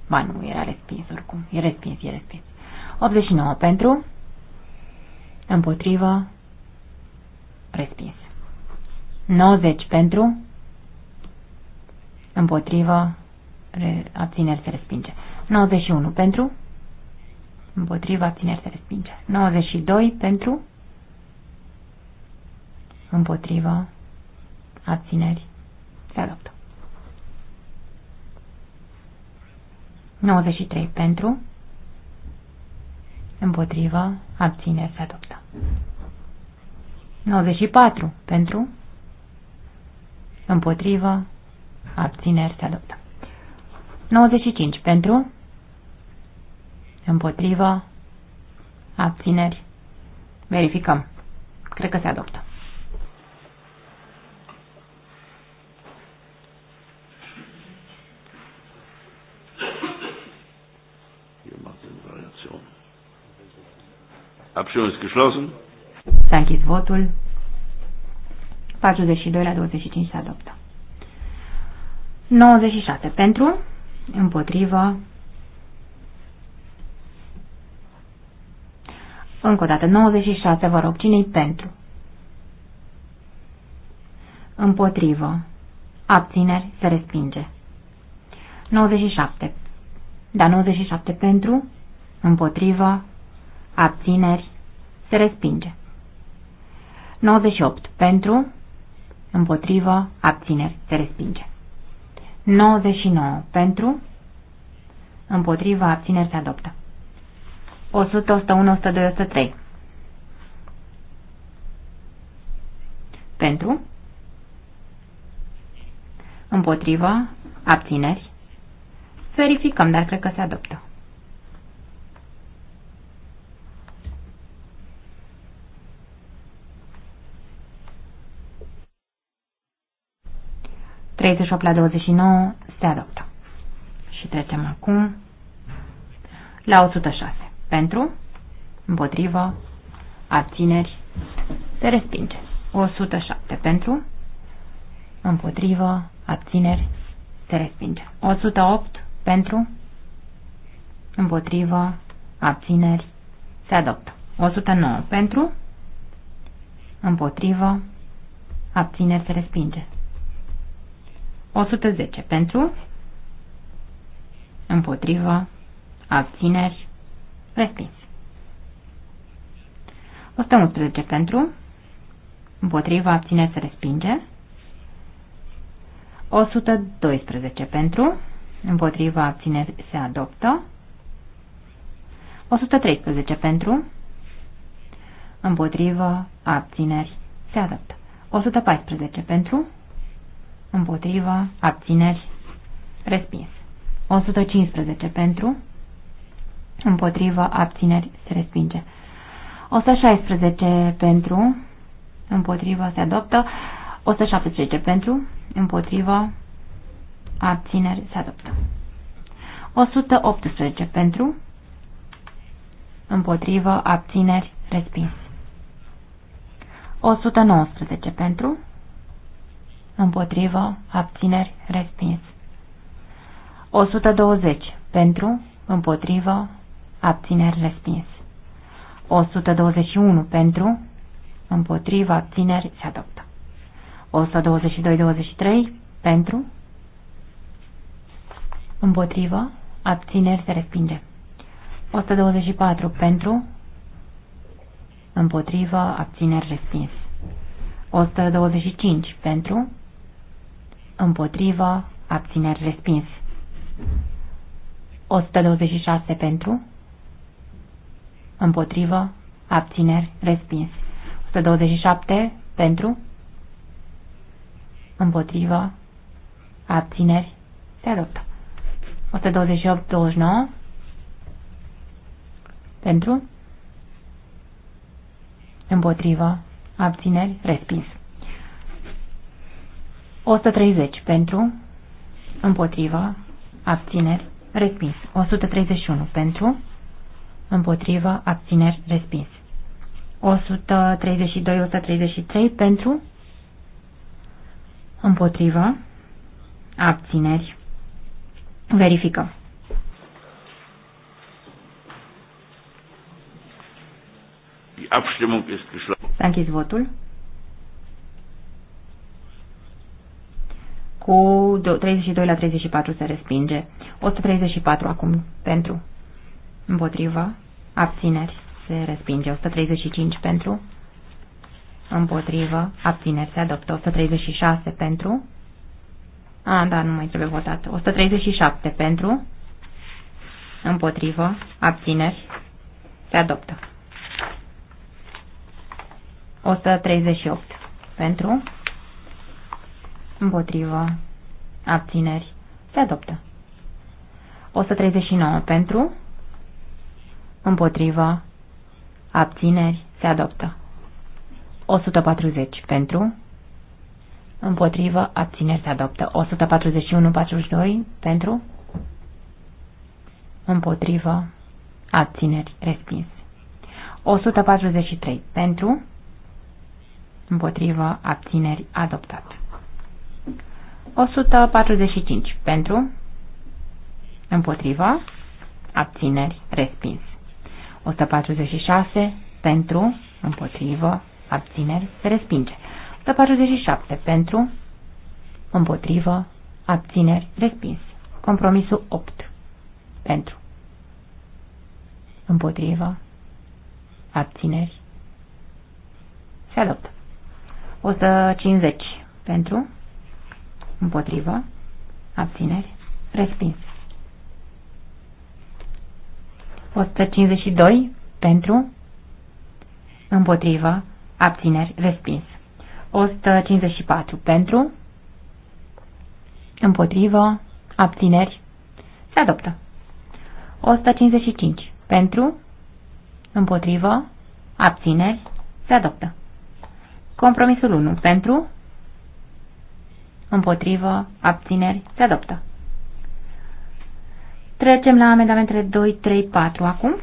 Ba nu, era respins oricum. E respins, e respins. 89 pentru, împotriva, respins. 90 pentru, împotriva, re, abțineri se respinge. 91 pentru, împotriva, abțineri se respinge. 92 pentru, împotriva, abțineri la luptă. 93 pentru, împotrivă, abține, se adoptă. 94 pentru, împotrivă, abțineri, se adoptă. 95 pentru, împotrivă, abțineri, verificăm. Cred că se adoptă. Abstimmung ist geschlossen. S-a închis votul. 42 la 25 se adoptă. 96 pentru, împotrivă, încă o dată, 96, vă rog, cine pentru? Împotrivă, abțineri, se respinge. 97, da, 97 pentru, împotrivă, abțineri, se respinge. 98. Pentru, împotrivă, abțineri. Se respinge. 99. Pentru, împotrivă, abțineri. Se adoptă. 100, 101, 102, 103. Pentru, împotrivă, abțineri. Verificăm, dar cred că se adoptă. 38 la 29 se adoptă. Și trecem acum la 106. Pentru, împotrivă, abțineri, se respinge. 107 pentru, împotrivă, abțineri, se respinge. 108 pentru, împotrivă, abțineri, se adoptă. 109 pentru, împotrivă, abțineri, se respinge. 110 pentru, împotrivă, abțineri, respins. 111 pentru, împotrivă, abțineri, se respinge. 112 pentru, împotrivă, abțineri, se adoptă. 113 pentru, împotrivă, abțineri, se adoptă. 114 pentru, împotrivă, abțineri, respins. 115 pentru, împotrivă, abțineri, se respinge. 116 pentru, împotrivă, se adoptă. 117 pentru, împotrivă, abțineri, se adoptă. 118 pentru, împotrivă, abțineri, respins. 119 pentru, împotrivă, abțineri, respins. 120. Pentru, împotrivă, abțineri, respins. 121. Pentru, împotrivă, abțineri, se adoptă. 122-23. Pentru, împotrivă, abțineri, se respinge. 124. Pentru, împotrivă, abțineri, respins. 125. Pentru, împotrivă, abțineri respins. 126 pentru, împotrivă, abțineri respins. 127 pentru, împotrivă, abțineri se adoptă. 128-29 pentru, împotrivă, abțineri respins. 130 pentru, împotrivă, abțineri, respins. 131 pentru, împotrivă, abțineri, respins. 132-133 pentru, împotrivă, abțineri, verificăm. S-a închis votul. cu 32 la 34 se respinge. 134 acum pentru, împotriva, abțineri se respinge. 135 pentru, împotrivă, abțineri se adoptă. 136 pentru, a, da, nu mai trebuie votat. 137 pentru, împotrivă, abțineri se adoptă. 138 pentru, Împotrivă. Abțineri. Se adoptă. 139 pentru. Împotrivă. Abțineri. Se adoptă. 140 pentru. Împotrivă. Abțineri. Se adoptă. 141-42 pentru. Împotrivă. Abțineri. Respins. 143 pentru. Împotrivă. Abțineri. Adoptat. 145 pentru, împotriva, abțineri, respins. 146 pentru, împotrivă, abțineri, se respinge. 147 pentru, împotrivă, abțineri, respins. Compromisul 8 pentru, împotrivă, abțineri, se adoptă. 150 pentru, Împotrivă. Abțineri. Respins. 152. Pentru. Împotrivă. Abțineri. Respins. 154. Pentru. Împotrivă. Abțineri. Se adoptă. 155. Pentru. Împotrivă. Abțineri. Se adoptă. Compromisul 1. Pentru împotrivă, abțineri, se adoptă. Trecem la amendamentele 2, 3, 4 acum.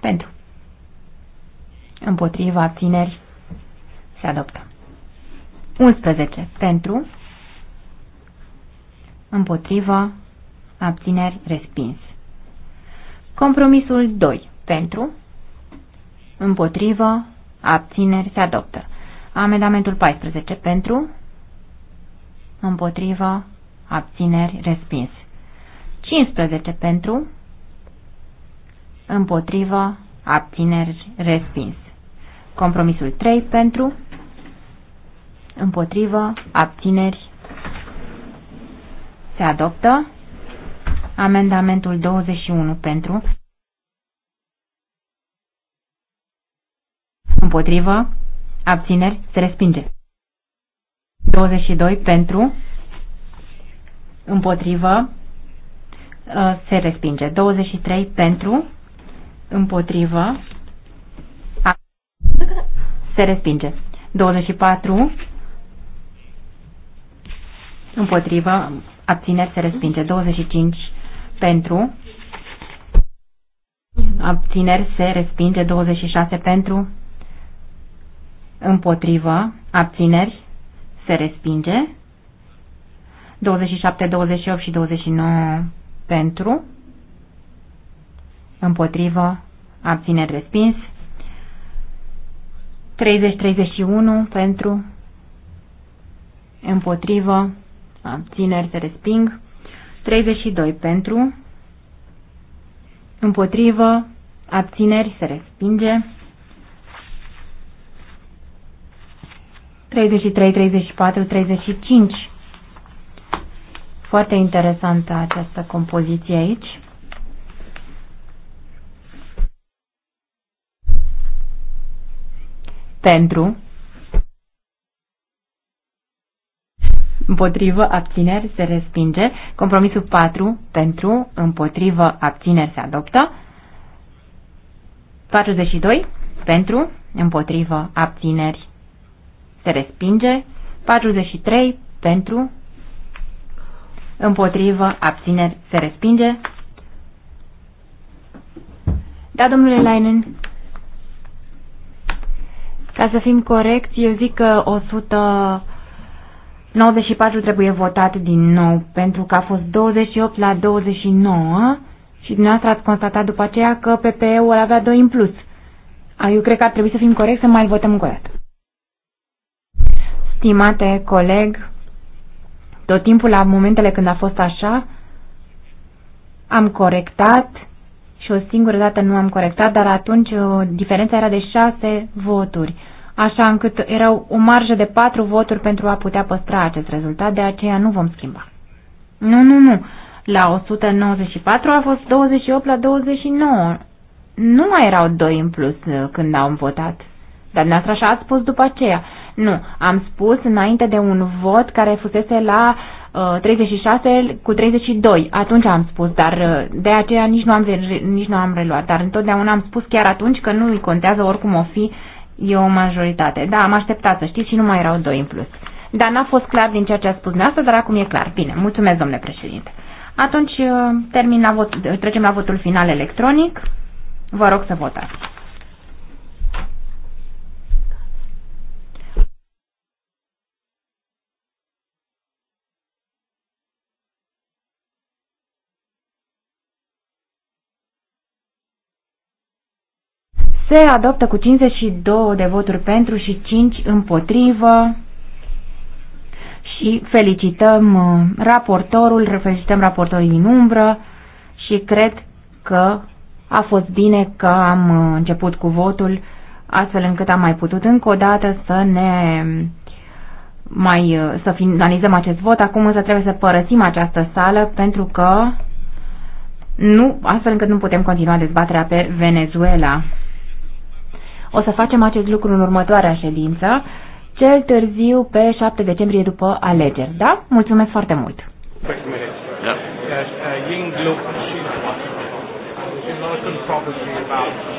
Pentru. Împotrivă, abțineri se adoptă. 11. Pentru. Împotrivă, abțineri respins. Compromisul 2. Pentru. Împotrivă, abțineri se adoptă. Amendamentul 14 pentru, împotrivă, abțineri, respins. 15 pentru, împotrivă, abțineri, respins. Compromisul 3 pentru, împotrivă, abțineri, se adoptă. Amendamentul 21 pentru, împotrivă, abțineri, se respinge. 22 pentru, împotrivă, uh, se respinge. 23 pentru, împotrivă, se respinge. 24 împotrivă, abțineri, se respinge. 25 pentru, abțineri, se respinge. 26 pentru, împotrivă, abțineri, se respinge. 27, 28 și 29 pentru, împotrivă, abțineri, respins. 30-31 pentru, împotrivă, abțineri, se resping. 32 pentru, împotrivă, abțineri, se respinge. 33, 34, 35. Foarte interesantă această compoziție aici. Pentru. Împotrivă, abțineri, se respinge. Compromisul 4, pentru, împotrivă, abțineri, se adoptă. 42, pentru, împotrivă, abțineri, se respinge, 43 pentru, împotrivă, abțineri, se respinge. Da, domnule Leinen, ca să fim corecți, eu zic că 194 trebuie votat din nou, pentru că a fost 28 la 29 și dumneavoastră ați constatat după aceea că PPE-ul avea 2 în plus. Eu cred că ar trebui să fim corecți să mai votăm încă o dată. Stimate coleg, tot timpul la momentele când a fost așa, am corectat și o singură dată nu am corectat, dar atunci uh, diferența era de șase voturi, așa încât erau o marjă de patru voturi pentru a putea păstra acest rezultat, de aceea nu vom schimba. Nu, nu, nu. La 194 a fost 28 la 29. Nu mai erau doi în plus uh, când am votat. Dar dumneavoastră așa ați spus după aceea. Nu, am spus înainte de un vot care fusese la uh, 36 cu 32. Atunci am spus, dar uh, de aceea nici nu, am, nici nu am reluat. Dar întotdeauna am spus chiar atunci că nu îi contează oricum o fi, e o majoritate. Da, am așteptat să știți și nu mai erau doi în plus. Dar n-a fost clar din ceea ce a spus dumneavoastră, dar acum e clar. Bine, mulțumesc, domnule președinte. Atunci uh, termin la vot, trecem la votul final electronic. Vă rog să votați. se adoptă cu 52 de voturi pentru și 5 împotrivă și felicităm uh, raportorul, felicităm raportorii din umbră și cred că a fost bine că am uh, început cu votul astfel încât am mai putut încă o dată să ne mai uh, să finalizăm acest vot. Acum însă trebuie să părăsim această sală pentru că nu, astfel încât nu putem continua dezbaterea pe Venezuela. O să facem acest lucru în următoarea ședință, cel târziu pe 7 decembrie după alegeri. Da? Mulțumesc foarte mult! Da. Uh,